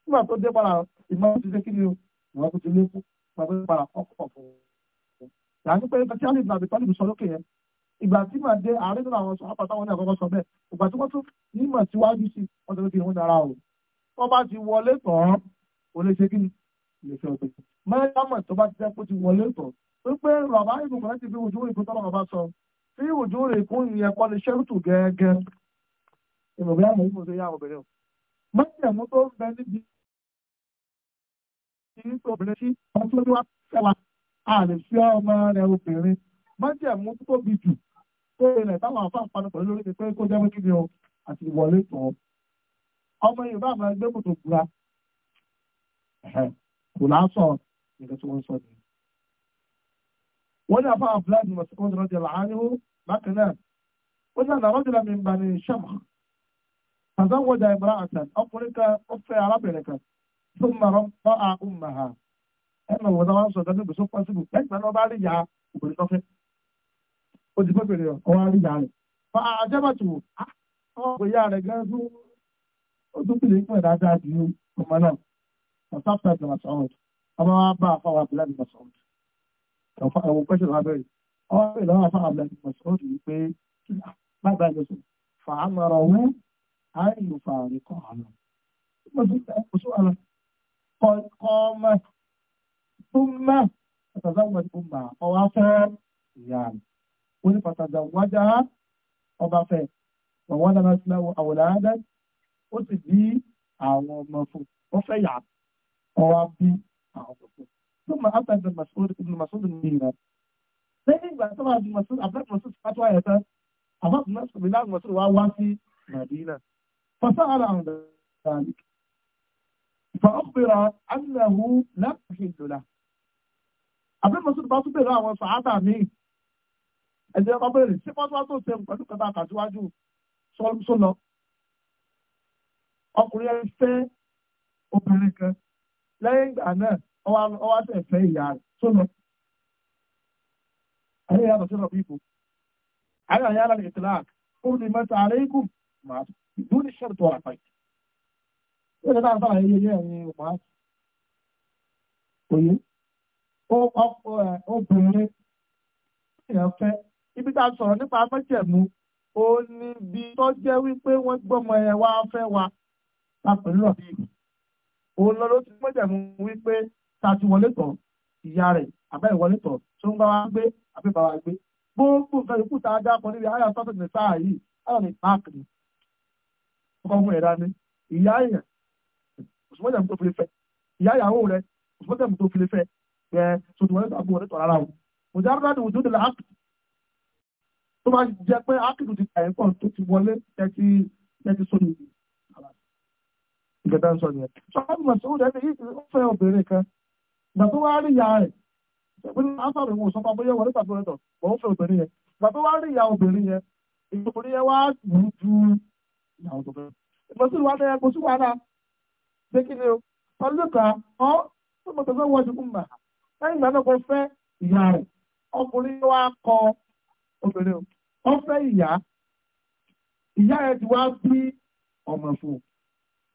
nígbà tó dé padà ìmọ̀ ti yàtọ̀ pé tí alẹ́ ìbàbí tọ́lù sọ lókè yẹn ìgbà tí màá dé ààrẹ nínú àwọn sọ àpàtà wọn ní àkọ́kọ́ sọ bẹ́ẹ̀ ìgbà tí wọ́n tún nímọ̀ síwájú sí wọ́n tẹ́lẹ̀ kí wọ́n dára o wọ́n bá ti wọlé tán ó lè ṣe kí ni lè fẹ́ ọ̀tọ̀ mẹ́rẹ́dámọ̀ tó bá ti jẹ́ kó ti wọlé tán wípé bàbá ìbùn kan ti fi òjò òrìkó tọ́lọ̀ bàbá sọ tí òjò òrìkó yẹn kọ́ ni ṣẹ́rùtù gẹ́gẹ́ ìmọ̀gbé àmọ̀ yìí mo yá obìnrin o mẹ́tẹ̀mú tó ń bẹ níbi ìyí tó obìnrin sí àlèfíà ọmọ rẹ̀ obìnrin májẹ̀mú tó tóbi jù tó rẹ̀ táwọn àfáà panupọ̀ lórí ti pé kó jẹ́ pé kíni o àti ìwọlé tọ̀ ọmọ yorùbá máa gbé kòtò gbura kò lásọ nǹkan tí wọ́n sọ ni. wọ́n ní àfáà abdullahi bin masoud rọ́jà làánú bákan náà ó ní àná rọ́jà mi bá ní sàmà tàzáwọ́jà ìmọ̀ràn àtàn ọkùnrin kan ó fẹ́ arábìnrin kan tó mọ̀ràn fọ́ àhùn màhà ẹnu wọn náà wá sọ̀dọ̀ ní gbèsò pọ́sibù lẹ́gbẹ̀ẹ́ náà bá rí ìyá obìnrin tọ́fẹ́ ó ti gbẹ́bẹ̀rẹ̀ rẹ̀ ọwọ́ rí ìyá rẹ̀ fa àjẹbàtù ah, ọkọ ìyá rẹ̀ gan fún ó tún pèlè fún ẹ̀dá dáa ju ọmọ náà ọ̀sáfẹ́ ẹ̀dá masọ́ọ̀d ọmọ wa bá àfáwà abúlé masọ́ọ̀d ẹ̀wọ̀n pẹ́sẹ̀ wa bẹ̀rẹ̀ ọwọ́ bẹ̀rẹ̀ lọ́wọ́ àfáwà abúlé masọ́ọ̀d yìí pé bàbá ẹ̀ sọ fàámọ̀rọ̀ wú àìlù fàárí kọ́ àná. kọ́ ọmọ أمة تتزوج أمة فوافا يعني قل فتزوجها فوافا وولدت له أولادا قلت دي أو مفوض وفيعة وابي أو مفوض ثم أتى ابن المسعود ابن المسعود المينا سيدي بقى طبعا ابن المسعود أبلغ المسعود سبعت وعيتا أبلغ الناس بلا المسعود وواسي مدينة فسأل عن ذلك فأخبر أنه لم يحل له àbẹ́mọ̀sọ́dù bá tún bèrè àwọn sàádà míì ẹ̀jẹ̀ bá bèrè ṣé wọ́n tó ṣe pẹ̀lú kẹta àkàtúwájú sọ́lọ́ ọkùnrin ẹni fẹ́ obìnrin kan lẹ́yìn ìgbà náà ọwọ́ àti ẹ̀fẹ́ ìyá rẹ̀ sọ́lọ́ ayé yàtọ̀ sọ́lọ́ bí ibò ayé àyà ara lè tẹ̀lé àk mẹ́ta ààrẹ ikú màá ìdúró ní ṣẹ́ẹ̀tì tó ó ọkọ ẹ̀ obìnrin èèyàn fẹ́ ibi tá a sọ̀rọ̀ nípa mọ́jẹ̀mú ó ní bí tó jẹ́ wípé wọ́n gbọ́mọ ẹ wá fẹ́ wa lápẹ̀ ńlọ bí òun lọ ló ti mọ́jẹ̀mú wípé ta ti wọlé tọ̀ ìyá rẹ̀ àbá ìwọlé tọ̀ tó ń bá wa gbé àbí bá wa gbé gbogbo nǹkan ìkú tá a dá kan níbi àyà sọ́tò ní sáà yìí àyà ní páàkì ni ọkọ̀ mú ẹ̀dá ni ìyá èèyàn òṣùmọ́jẹ̀mú tó fi lè fẹ́ ìyá ìyàwó rẹ̀ òṣùmọ́jẹ̀mú tó fi lè fẹ́ pé ṣùgbọ́n ẹ̀sọ́ àbúrò rẹ̀ tọ̀ rárá o kò já rárá ni òjò dè láàkì tó bá jẹ pé ákìlù ti kà ẹ̀kọ́ tó ti wọlé tẹ́tí tẹ́tí sóni ìdí ìgbẹ̀dá ń sọ nìyẹn sọ fún mi sọ wúdẹ́ ní ó fẹ́ obìnrin kan ìgbà tó wá rí ìyá rẹ̀ ìpínlẹ̀ afárò ìwọ̀n sọ fún abóyá wọlé tàbí ọ̀rẹ́ tọ̀ bọ̀ ó fẹ́ obìnrin yẹn ìgbà tó wá rí ìyá obìnrin yẹn ìgbòmìnir yẹn wá wù ju ìyàwó tó fẹ́ ìgbọ̀nsí wa ní ẹgbẹ́ sí o ọlọ́kà ọ́ tó mọ̀ tó fẹ́ wọ́n ti kú lẹ́yìn ìgbà náà kò fẹ́ ìyá rẹ̀ ọkùnrin wa kọ obìnrin ó fẹ́ ìyá ìyá rẹ̀ ti wá bí ọmọ fún un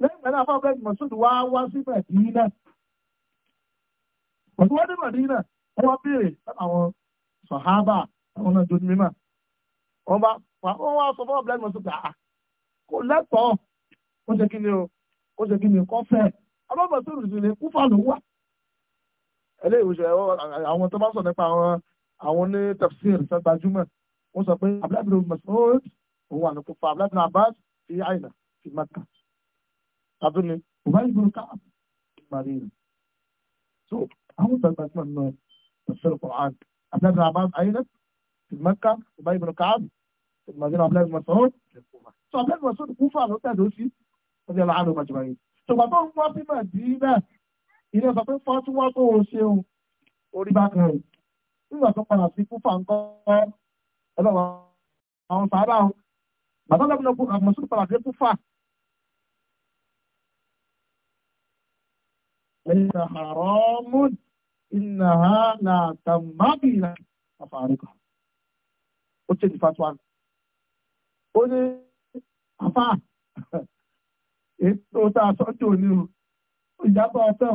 lẹ́yìn ìgbà náà fáwọn bẹ́ẹ̀ mọ̀sùn wá wá sí mẹ̀dínà ọ̀tún wọ́n dé mẹ̀dínà wọ́n wá béèrè àwọn sọ̀hábà àwọn náà dóni mímọ́ wọ́n bá wọ́n wá sọ fọ́wọ́ bẹ́ẹ̀ mọ̀sùn gbà á kò lẹ́tọ̀ọ́ ó ṣe kí ni o ó ṣe kí ni kọ́fẹ́ ọlọ́mọ tó rùsùn ní kúfà ló wà. eléyìí ṣe àwọn tó bá sọ nípa àwọn àwọn ní tafsir sẹgbàjúmọ wọn sọ pé abdulabdul Mas'ud òun wà ní kópa abdulabdul Abbas fi àyìnà fi Makkah tàbí ni ọba ìgboro ká marina so àwọn sẹgbàjúmọ náà tafsir Qur'an abdulabdul Abbas àyìnà في مكة وبي بن كعب في المدينة عبد الله بن مسعود so عبد الله بن مسعود كوفة ló tẹ̀dó sí ọdí ọlọ́hánú majmáyé ṣùgbọ́n tó ń wá sí Mẹdínà ilé ọ̀sán pé fọ́túwọ́ tó o ṣeun orí bákan rẹ̀ nígbà tó padà sí kúfà ń kọ́ ọlọ́wọ́ àwọn sàárà o bàtà lọ́gbọ̀lọ́gbọ̀ àmọ̀sùn padà dé kúfà. ẹ̀yà àrọ́mù ìnáhà làtàmábìlà àfàríkà ó ṣe ìfàtúwà ó ní àfà ètò tá a sọ́jọ́ ní o ìjábọ̀ ọ̀tọ̀.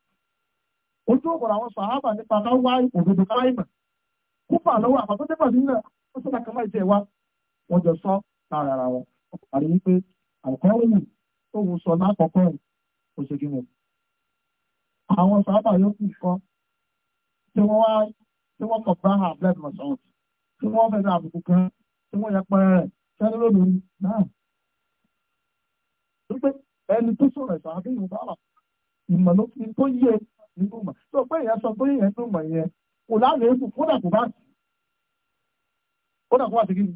ojú ọ̀pọ̀lọ̀ àwọn sàábà nípa ká wá òdodo ká ìmọ̀ lọ́wọ́ àpàtó dé pàdé náà ó sọ́dà kan láì tiẹ̀ wá wọ́n jọ sọ lára ara wọn àrí wípé àkọ́wé tó sọ lákọ̀ọ́kọ́ kò ṣe kíni. àwọn sàábà yòókù kọ́ tí wọ́n wá tí wọ́n kọ̀ bá abdul masoud tí wọ́n fẹ́ dá àbùkù kan tí wọ́n yẹ pẹ́rẹ́ rẹ̀ sẹ́ni lónìí náà. wípé ẹni tó sọ̀rọ̀ ìsàbí nínú mọ̀ tó pé èèyàn sọ pé èèyàn nínú mọ̀ yẹn kò lálẹ́kù kódà kò bá sí kódà kó bá sí kí ni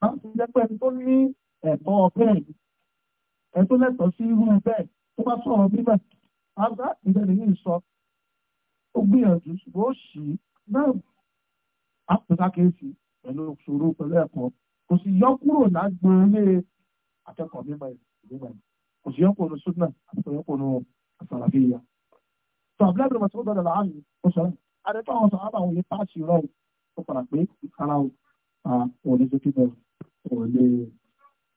máa fi jẹ́ pé ẹni tó ní ẹ̀tọ́ bẹ́ẹ̀ ẹni tó lẹ́tọ̀ọ́ sí irú bẹ́ẹ̀ tó bá sọ̀rọ̀ bíbẹ̀ àgbà ìbẹ̀rẹ̀ yìí sọ ó gbìyànjú ṣùgbọ́n ó sì náà àpòsákèésì pẹ̀lú ṣòro pẹ̀lú ẹ̀kọ́ kò sì yọ kúrò lágbóolé akẹ́kọ̀ọ́ mímọ́ ìgbìmọ̀ kò sì yọ kúrò ní súnà àti kò yọ kúrò ní àsàlàfíà tó àbúlé àbúrò mọ̀tò dọ̀dọ̀ là á lò ó sọ̀rọ̀ àdẹ́tọ̀ àwọn sọ̀rọ̀ àbàwọn yìí páàsì rọ̀ ó padà pé ara ò ní sókè bẹ̀rù ò lè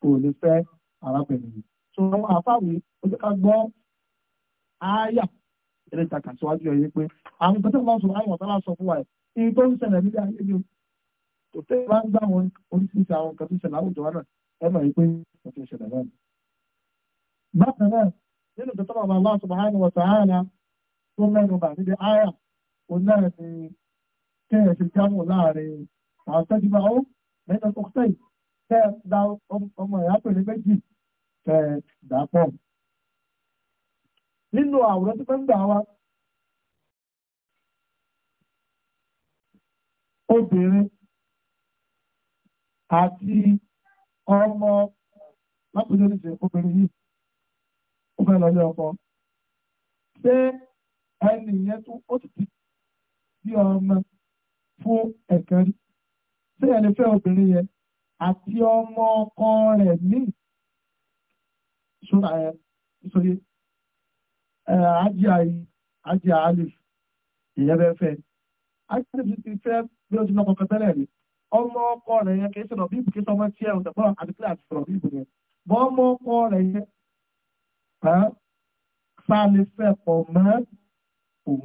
ò lè fẹ́ arábìnrin yìí tó àfáwì ó ti ká gbọ́ ááyà eré ìtàkà síwájú ẹ̀ yé pé àwọn ìpẹ́tẹ́ wọn sọ̀rọ̀ àwọn ọ̀tá láti sọ fún wa ẹ̀ iye tó ń ṣẹlẹ̀ nílé ayé ni o tó bá ń gbà wọn oríṣiríṣi àwọn nǹkan tó ṣẹlẹ̀ àwùjọ wa náà ẹ mọ̀ pé ọ̀tún ṣẹlẹ̀ náà. bákan náà nínú ìtọ́tọ́ bàbá aláṣọ bàbá àwọn ọ̀tá ààrẹ tó mẹ́nu bà níbi àyà òun náà ni kéèyàn ṣe jámù láàrin àwọn tọ́jú máa ó mẹ́ta tó tẹ̀ tẹ́ da ọmọ ìyá pèlè méjì tẹ̀ dà pọ̀. nínú àwòrán tó fẹ́ ń gbà wá obìnrin àti ọmọ lápòjọ́ níṣẹ́ obìnrin yìí ó fẹ́ lọ ilé ọkọ. ṣé ẹni yẹn tó ó ti ti bí ọmọ fún ẹ̀kan rí tí ẹni fẹ́ obìnrin yẹn àti ọmọ ọkọ rẹ̀ míì ṣúra ẹ sórí ẹ ajé àyè ajé àálè ìyẹn bẹ́ẹ̀ fẹ́ ajé ti fẹ́ bí ó ti lọ́kọ̀ kẹtẹ́lẹ̀ rí ọmọ ọkọ rẹ̀ yẹn kìí sọ̀rọ̀ bíbù kìí sọmọ tí ẹ ò tẹ̀gbọ́n àdìpẹ́ àti sọ̀rọ̀ bíbù yẹn bọ́ ọmọ ọkọ rẹ̀ yẹn sáà lè fẹ́ pọ̀ mọ́ òun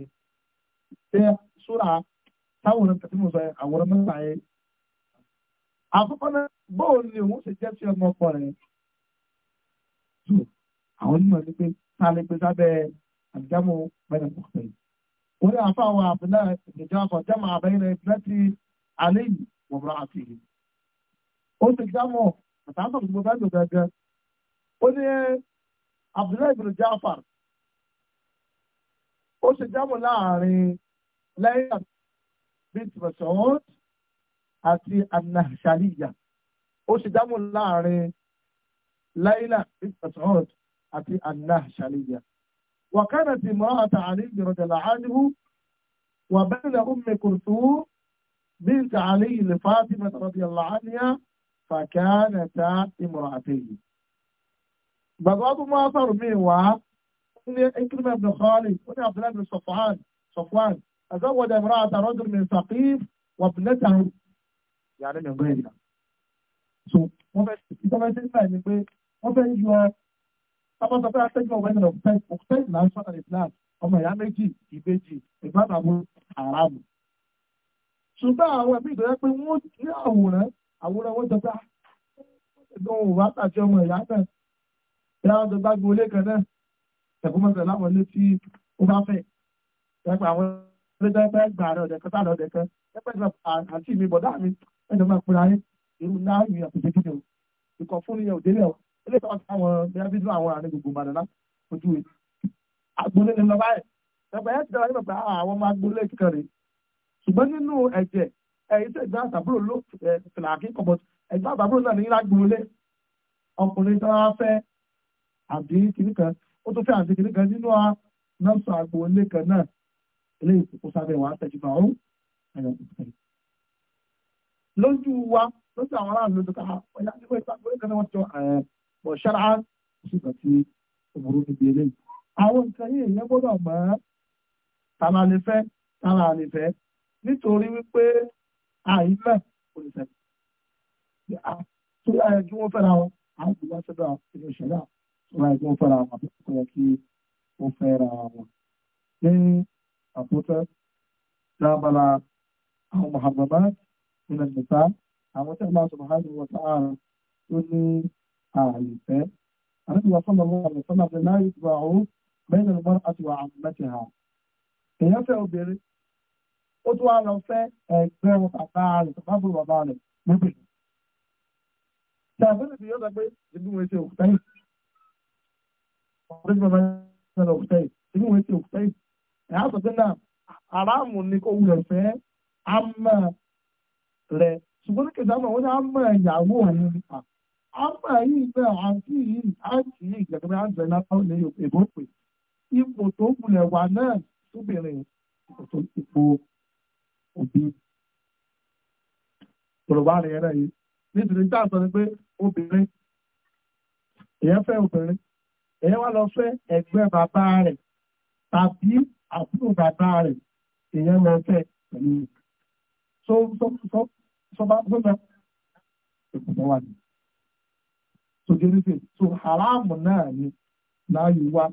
ṣe súra táwọn ọ̀rẹ́ tẹ̀sí mo sọ àwọn ọmọ náà yẹ. àkọ́kọ́ náà bóun ni òun ṣe jẹ́ sí ọmọ ọkọ rẹ̀ jù àwọn onímọ̀ ní pé ta lè gbé sábẹ́ àdìgámọ̀ bẹ́ẹ̀ mọ̀ pé. wọ́n ní àfa àwọn àbúlá ìgbèjà ọkọ̀ jẹ́ màá bẹ́ẹ̀ rẹ̀ lẹ́tì alẹ́ yìí wọ́n bá àti yìí. ó ṣe ìgbàmọ̀ àtàkùn gbogbo bẹ́ẹ̀ ó ní Abdullahi bin Jafar ó ṣe jábọ̀ láàrin lẹ́yìn bint Mas'ud àti anahshaliya ó ṣe jábọ̀ láàrin Layla bint Mas'ud àti anahshaliya. وكانت امرأة علي رضي الله عنه وبين أم كلثوم بنت علي لفاطمة رضي الله عنها فكانت امرأتين. بغض ما صار مين كلمة ابن خالد وابن عبد الله بن صفوان صفوان أزوج امرأة رجل من ثقيف وابنته يعني من غيرها so wọ́n fẹ́ ìjọba ẹsẹ̀ nígbà yìí pé wọ́n fẹ́ yọ sábàtà fẹ́ àtẹ́jú ọ̀wẹ́ ní ọ̀pẹ́ ọ̀pẹ́ ìlànà ní plan ọmọ ìyá méjì ìbejì ìgbàgbọ́ àràmù. ṣùgbọ́n àwọn ẹbí ìdọ́jọ́ pé wọ́n ní àwòrán àwòrán wọ́n jọba ẹgbẹ́ òun wà tàbí ọmọ ìyá náà ìyá wọn kan náà ẹ̀kúnmọ́sẹ̀ láwọn ilé tí ó bá fẹ́ ẹgbẹ́ àwọn ẹlẹ́dẹ́ ẹgbẹ́ gbà rẹ̀ ọ̀dẹ̀ kan sáàdọ̀ ọ̀dẹ̀ kan ẹgbẹ́ ìgbà àti mi bọ̀dá mi ẹni máa pera yín irú láàyè àpèjẹ gidi o ìkọ̀ fún yẹn ò délẹ̀ o ilé ìtọ́ àti àwọn bẹ́ẹ̀ bí àwọn àrùn gbogbo màdà lá ojú rẹ̀ agbolé ni lọ́ba ẹ̀ ẹgbẹ́ yẹn ti dára nípa ah, àwọn ọmọ agbolé kíkan rẹ̀ ṣùgbọ́n nínú ẹ̀jẹ̀ ẹ̀yìn tó ìgbà àtàbúrò ló fìlà àkíkọ̀ bọ̀ ẹ̀gbà àtàbúrò náà ní agbolé ọkùnrin tó wá fẹ́ àbí kìnnìkan ó tó fẹ́ àti kìnnì kan nínú a nọ́ọ̀sù àgbo ilé kan náà eléyìí kò sábẹ́ wàá tẹ̀jú náà ọ̀hún ẹ̀yọ̀ kùtùkẹ́. lójú wa lójú àwọn aráàlú lójú ká ọ̀yà nígbà ìsàgbó ilé kan náà wọ́n ti jọ bọ̀ ṣára ìṣúgbà tí òbúrú níbi eléyìí. àwọn nǹkan yìí èèyàn gbọ́dọ̀ mọ̀ tàlà lè fẹ́ tàlà lè fẹ́ nítorí wípé àìmọ̀ kò lè fẹ́ kí wọ́n fẹ́ra wọn àwọn àwọn wọ́n yẹ kí wọ́n fẹ́ra wọn àbí kò yẹ kí wọ́n fẹ́ra wọn. ní àpótẹ́ lábala àwọn mọ̀hàbàbá ilẹ̀ nìta àwọn tẹ́ máa sọ̀rọ̀ hàn wọ́n ta àrùn tó ní ààyè fẹ́. àdúgbò wa sọ́nà lọ́wọ́ àmì sọ́nà àti láyé ìtura ọ̀hún bẹ́ẹ̀ ni wọ́n àti wà àmì mẹ́tì hà. èèyàn fẹ́ obìnrin ó tún wá lọ fẹ́ ẹgbẹ́ bàbá rẹ̀ bàbá bàbá rẹ̀ níbi. tàbí níbi yóò sọ pé ìdúnwẹ̀ṣẹ̀ òkúta yìí ọ̀rẹ́ mi máa ń sọ̀rọ̀ òkúta yìí èmi wọ́n ti òkúta yìí ẹ̀ á sọ pé náà aráàmù ni kò wulẹ̀ fẹ́ àmọ́ rẹ̀ ṣùgbọ́n ní kẹsàn-án náà wọ́n ní àmọ́ ìyàwó òun ni à àmọ́ yìí náà àǹtí yìí àǹtí yìí ìjàkadì àǹtí rẹ̀ lápá ní èbó pè ipò tó wulẹ̀ wà náà tóbìnrin ipò tó ipò òbí yorùbá rẹ̀ yẹn náà yìí nítorí táà sọ ni pé obìnrin èèyàn fẹ́ obìnrin ẹ̀yẹ́ wá lọ fẹ́ ẹ̀gbẹ́ bàbá rẹ̀ tàbí àbúrò bàbá rẹ̀ èèyàn lọ fẹ́ pẹ̀lú sọ́bà ìkùnmọ́ wà ní. Sògèrèsè tó haramu náà ni láàyè wá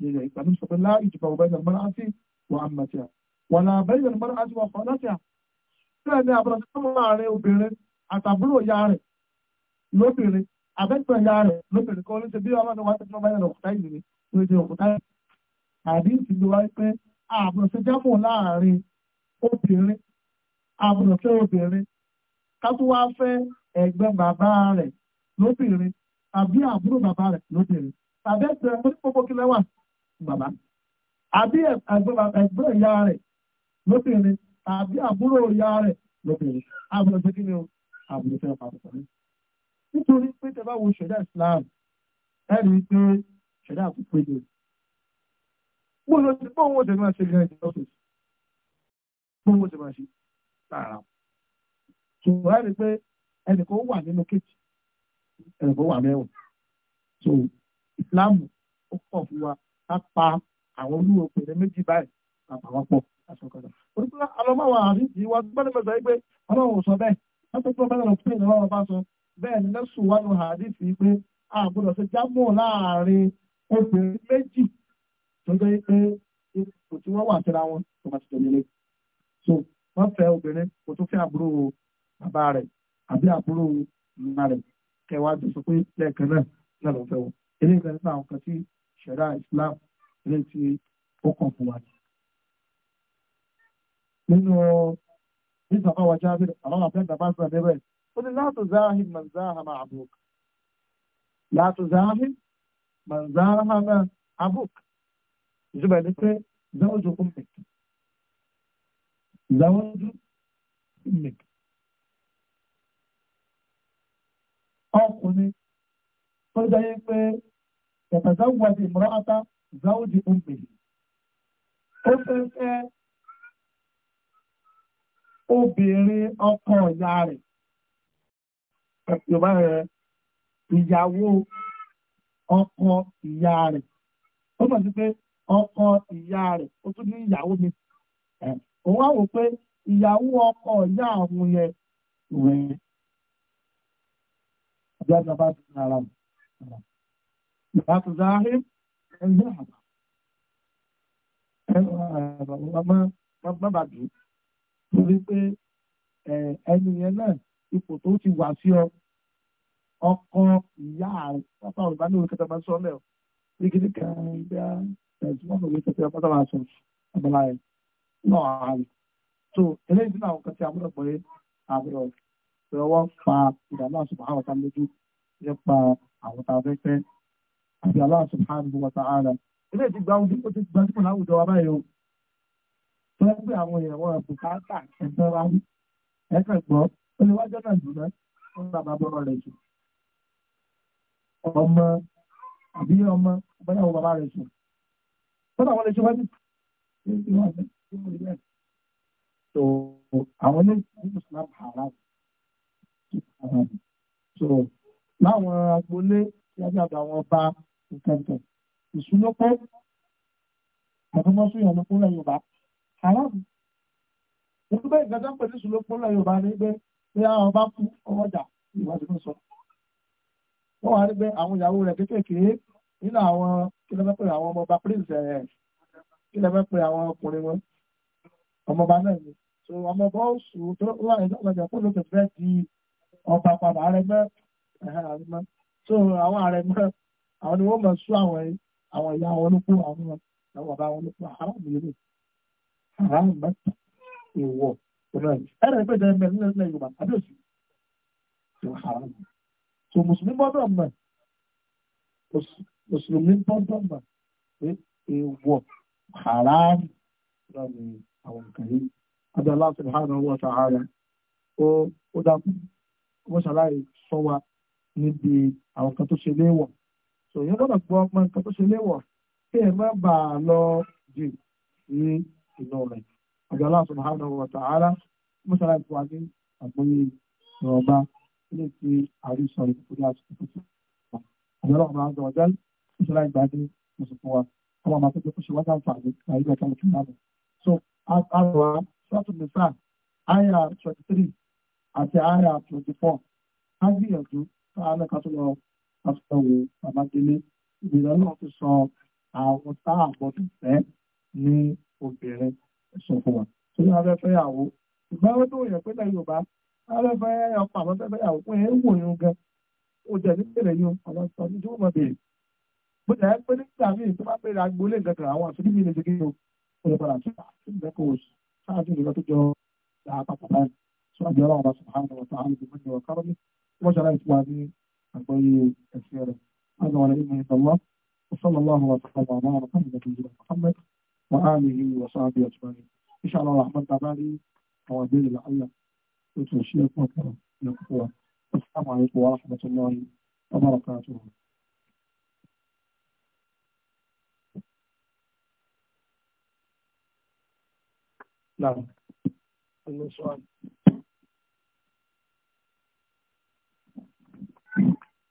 nílẹ̀ ìpàdé sọ pé láàyè ìjọba ọ̀bẹ ìjọba mọ́ra sí wà á mọ̀tí à. Wà náà bẹ́ẹ̀ ìjọba mọ́ra sí wà fọ́n láti à. Bẹ́ẹ̀ ni àbúrò sí fún ààrẹ obìnrin àtàbúrò ìyá rẹ̀ lóbìnrin àbẹ́tọ̀ ìyá rẹ̀ lóbìnrin kan olóṣèlú bí wọn máa ń wá tẹ́tí lọ́ba ìrìn òkúta ìlú ní ojú òkúta ìlú àdín ti gbé wáyé pé àbùrọ̀ṣe jámù láàrin obìnrin àbùrọ̀ṣe obìnrin ká tó wá fẹ́ ẹ̀gbẹ́ bàbá rẹ̀ lóbìnrin àbí àbúrò bàbá rẹ̀ lóbìnrin tàbí ẹ̀sẹ̀ ẹ̀gbẹ́ pópó kí lẹ́wà bàbá àbí ẹ̀gbẹ́ ìyá rẹ̀ lóbìnrin àbí àbúrò ìyá rẹ̀ lóbìnrin àbùrọ̀ṣe kí ni o àbùrọ̀ṣe ọ̀pá àbùrọ̀ṣe nítorí pé tẹ bá wo ṣẹ̀dá Islam ẹ rí i pé ṣẹ̀dá àkókò èdè bó ló ti bóun ó ti máa ṣe gan-an ìjọba òṣèlú bóun ó ti máa ṣe lára ṣùgbọ́n ẹ rí i pé ẹnìkan wà nínú kejì ẹnìkan wà mẹ́wọ̀n so Islam ó pọ̀ fún wa ká pa àwọn olúwo pèrè méjì báyìí bàbá wọn pọ̀ àṣọkọ̀dọ̀ olùkọ́ alọ́mọ́wà àríjì wa gbọ́dọ̀ mẹ́sàn-án pé ọlọ́run ò sọ bẹ́ẹ̀ látọ̀ tó bá lọ́rọ̀ pé bẹ́ẹ̀ ni lẹ́sùn wánu hadithi pé a gbọ́dọ̀ ṣe jámù láàrin obìnrin méjì tó jẹ́ pé ipò tí wọ́n wà síra wọn tó máa ti jọ nílé. so wọ́n fẹ́ obìnrin kò tún fẹ́ àbúrò bàbá rẹ̀ àbí àbúrò ìyá rẹ̀ kẹwàá ti sọ pé lẹ́ẹ̀kan náà náà ló fẹ́ wọn. eléyìí kan nípa àwọn kan tí ṣẹ̀dá Islam eléyìí tí ó kàn fún wa. nínú nígbà bá wàjá bí àwọn àbẹ́gbà bá sọ قل لا تزاهم من زاه ما أبوك لا تزاهم من زاه ما أبوك زبدك زوج أمك زوج أمك أو قني قل دائما يتزوج امرأة زوج أمه قل أبيري أقوى يعرف Yorùbá rẹ̀ ìyàwó ọkọ ìyá rẹ̀. Ó mọ̀ sí pé ọkọ ìyá rẹ̀ ó tún ní ìyàwó mi. Òun á wò pé ìyàwó ọkọ ìyá àwọn yẹn rẹ̀. Ọjọ́ ìjọba ti ní ara rẹ̀. Ìbá tó dáhé ẹgbẹ́ àbá. Ẹgbẹ́ àbá bàbá dùn. Torí pé ẹni yẹn náà ipò tó ti wà sí ọ ọkọ ìyá pápá ọ̀rùbá ní òkèta máa ń sọ lẹ́ọ̀ ní kíní kan ìgbà ẹ̀sùn wọn lòwe tẹ̀sí ọpátá máa sọ abala rẹ̀ náà àárẹ̀ so eléyìí sínú àwọn kan tí àbúrò pé àbúrò pé ọwọ́ fa ìdààmú àṣùbọ̀ àwọn kan lójú nípa àwọn tá a fẹ́ fẹ́ àti aláàṣù hàn wọ́n ta ara eléyìí ti gba ojú ó ti gbajúmọ̀ láwùjọ wa báyìí o tó ń gbé àwọn èèyàn wọn bùkátà ẹ̀fẹ́ wa ẹ̀fẹ́ gbọ́ oníwájọ́ náà jù náà ń bàbá bọ́rọ̀ rẹ̀ jù ọmọ àbí ọmọ ọgbẹ́yàwó bàbá rẹ̀ jù tọ́lá àwọn ẹlẹ́ṣẹ́ wájú so àwọn ẹlẹ́ṣẹ́ Islam haram so láwọn agboolé tí a jáde àwọn ọba ìkẹ̀kẹ̀ ìsúnlọ́pọ̀ àtúmọ̀sùn ìyànlọ́pọ̀ lẹ́yìn ọba haram. Mo tún bẹ́ẹ̀ gbẹ́dá pẹ̀lú ìsúnlọ́pọ̀ lẹ́yìn ọba ní bẹ́ẹ̀ pé àwọn bá kú ọmọdà ìwádìí ló sọ. wọ́n wá rí pé àwọn ìyàwó rẹ̀ kéékèèké nínú àwọn kí lọ́mọ pé àwọn ọmọọba prince ẹ̀ eh, kí lọ́mọ pé àwọn ọkùnrin wọn ọmọọba náà ni. so ọmọọba ó sùn tó wà ní ọjà kó ló ti fẹ́ di ọba padà ààrẹ mọ́ ààrẹ mọ́ so àwọn ààrẹ mọ́ àwọn ni wọ́n mọ̀ sún àwọn àwọn ìyá wọn ló àwọn bàbá wọn ló kú àrà mi lè ẹ̀rẹ̀ ń pèsè ẹ̀mẹ̀ nílẹ̀ nílẹ̀ yorùbá àbí òsì tó haram tó mùsùlùmí gbọ́dọ̀ mọ̀ mùsùlùmí gbọ́dọ̀ mọ̀ pé èèwọ̀ haram lọ́nà àwọn nǹkan yìí àbí Allah subhanahu wa ta'ala ó ó dákú ó ṣàlàyé sọ wa níbi àwọn kan tó ṣe léèwọ̀ tó yẹn gbọ́dọ̀ gbọ́ ọmọ nǹkan tó ṣe léèwọ̀ kí ẹ má bàa lọ jù ní ìlú ọ̀dọ̀ Allah subhanahu wa ta'ala mọ́sálà ìfọ̀ àti àgbóyè ìrọ̀bá ilé tí àríṣọ ìfúdí àsìkò tuntun ọ̀dọ̀ ọ̀dọ̀ ọ̀dọ̀ ọ̀dọ̀ mọ́sálà ìgbàdé mọ̀sùn wa ọmọ àmọ́ tó ṣe wájà àǹfààní àyíká ìtàn òtún náà so àrùwá sọ́tún nìfà àyà twenty three àti àyà twenty four á gbìyànjú káàlẹ́ ká tó lọ pásítọ̀ wò àbájẹlé ìgbìyànjú náà ti sọ àwọn tá àbọ̀dún fẹ́ ní obìnrin ẹ̀sùn fún wọn tí wọ́n fẹ́ fẹ́ yàwó ìgbàwó tó yẹ pé lẹ́yìn Yorùbá wọ́n fẹ́ fẹ́ ọkọ̀ àwọn fẹ́ fẹ́ yàwó fún ẹ̀ ń wò yín gan ó jẹ́ ní ìpìlẹ̀ yín àwọn sọ ní tí wọ́n mọ̀ bèèrè bó jẹ́ pé nígbà míì tó bá bèèrè agboolé nǹkan kan àwọn àṣírí mi lè ṣe kí o ọ̀rọ̀ padà sí ìgbẹ́kọ̀ oṣù sáájú ìlú tó jọ àpapọ̀ báyìí sọ àjọ ọlọ́run bá sọ àwọn ọ̀tá àwọn ìgbìmọ̀ ìwà kárọ́lì wọ́n ṣe aláìsí wa ní àgbọ̀yé وآله وصحبه أجمعين إن شاء الله رحمة تعالى قوابيل لعل وتوشيكم يقوى السلام عليكم ورحمة الله وبركاته نعم السؤال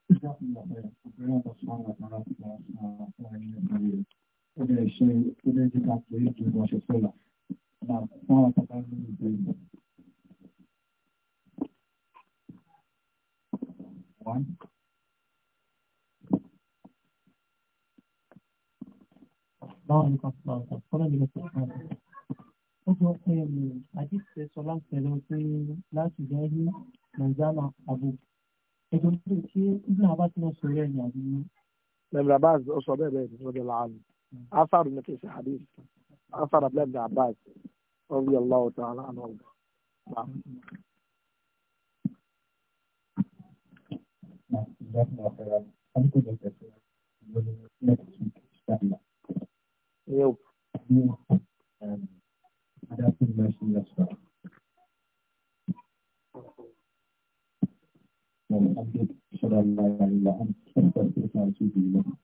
جزاكم الله خير. ó lè ṣe ó lè jẹ́ ká pé ju wọn fún àwọn bàbá mi ní ìbéèrè. One. Báwo Ó jọ pé hmm, àdìsí sọlá pẹ̀lú pé láti lẹ́yìn Nàìjíríà àbò. Ẹ̀jọ̀ ń pè ṣé Ibùdó àbá ti lọ sọ̀rọ̀ ẹ̀yìn àbí. Ẹ̀mí Rabaz ó sọ bẹ́ẹ̀ bẹ́ẹ̀ ní ọjọ́ láàánú. أثر مثل في حديث أثر بلاد بن عباس رضي الله تعالى عنه نعم نعم Thank you.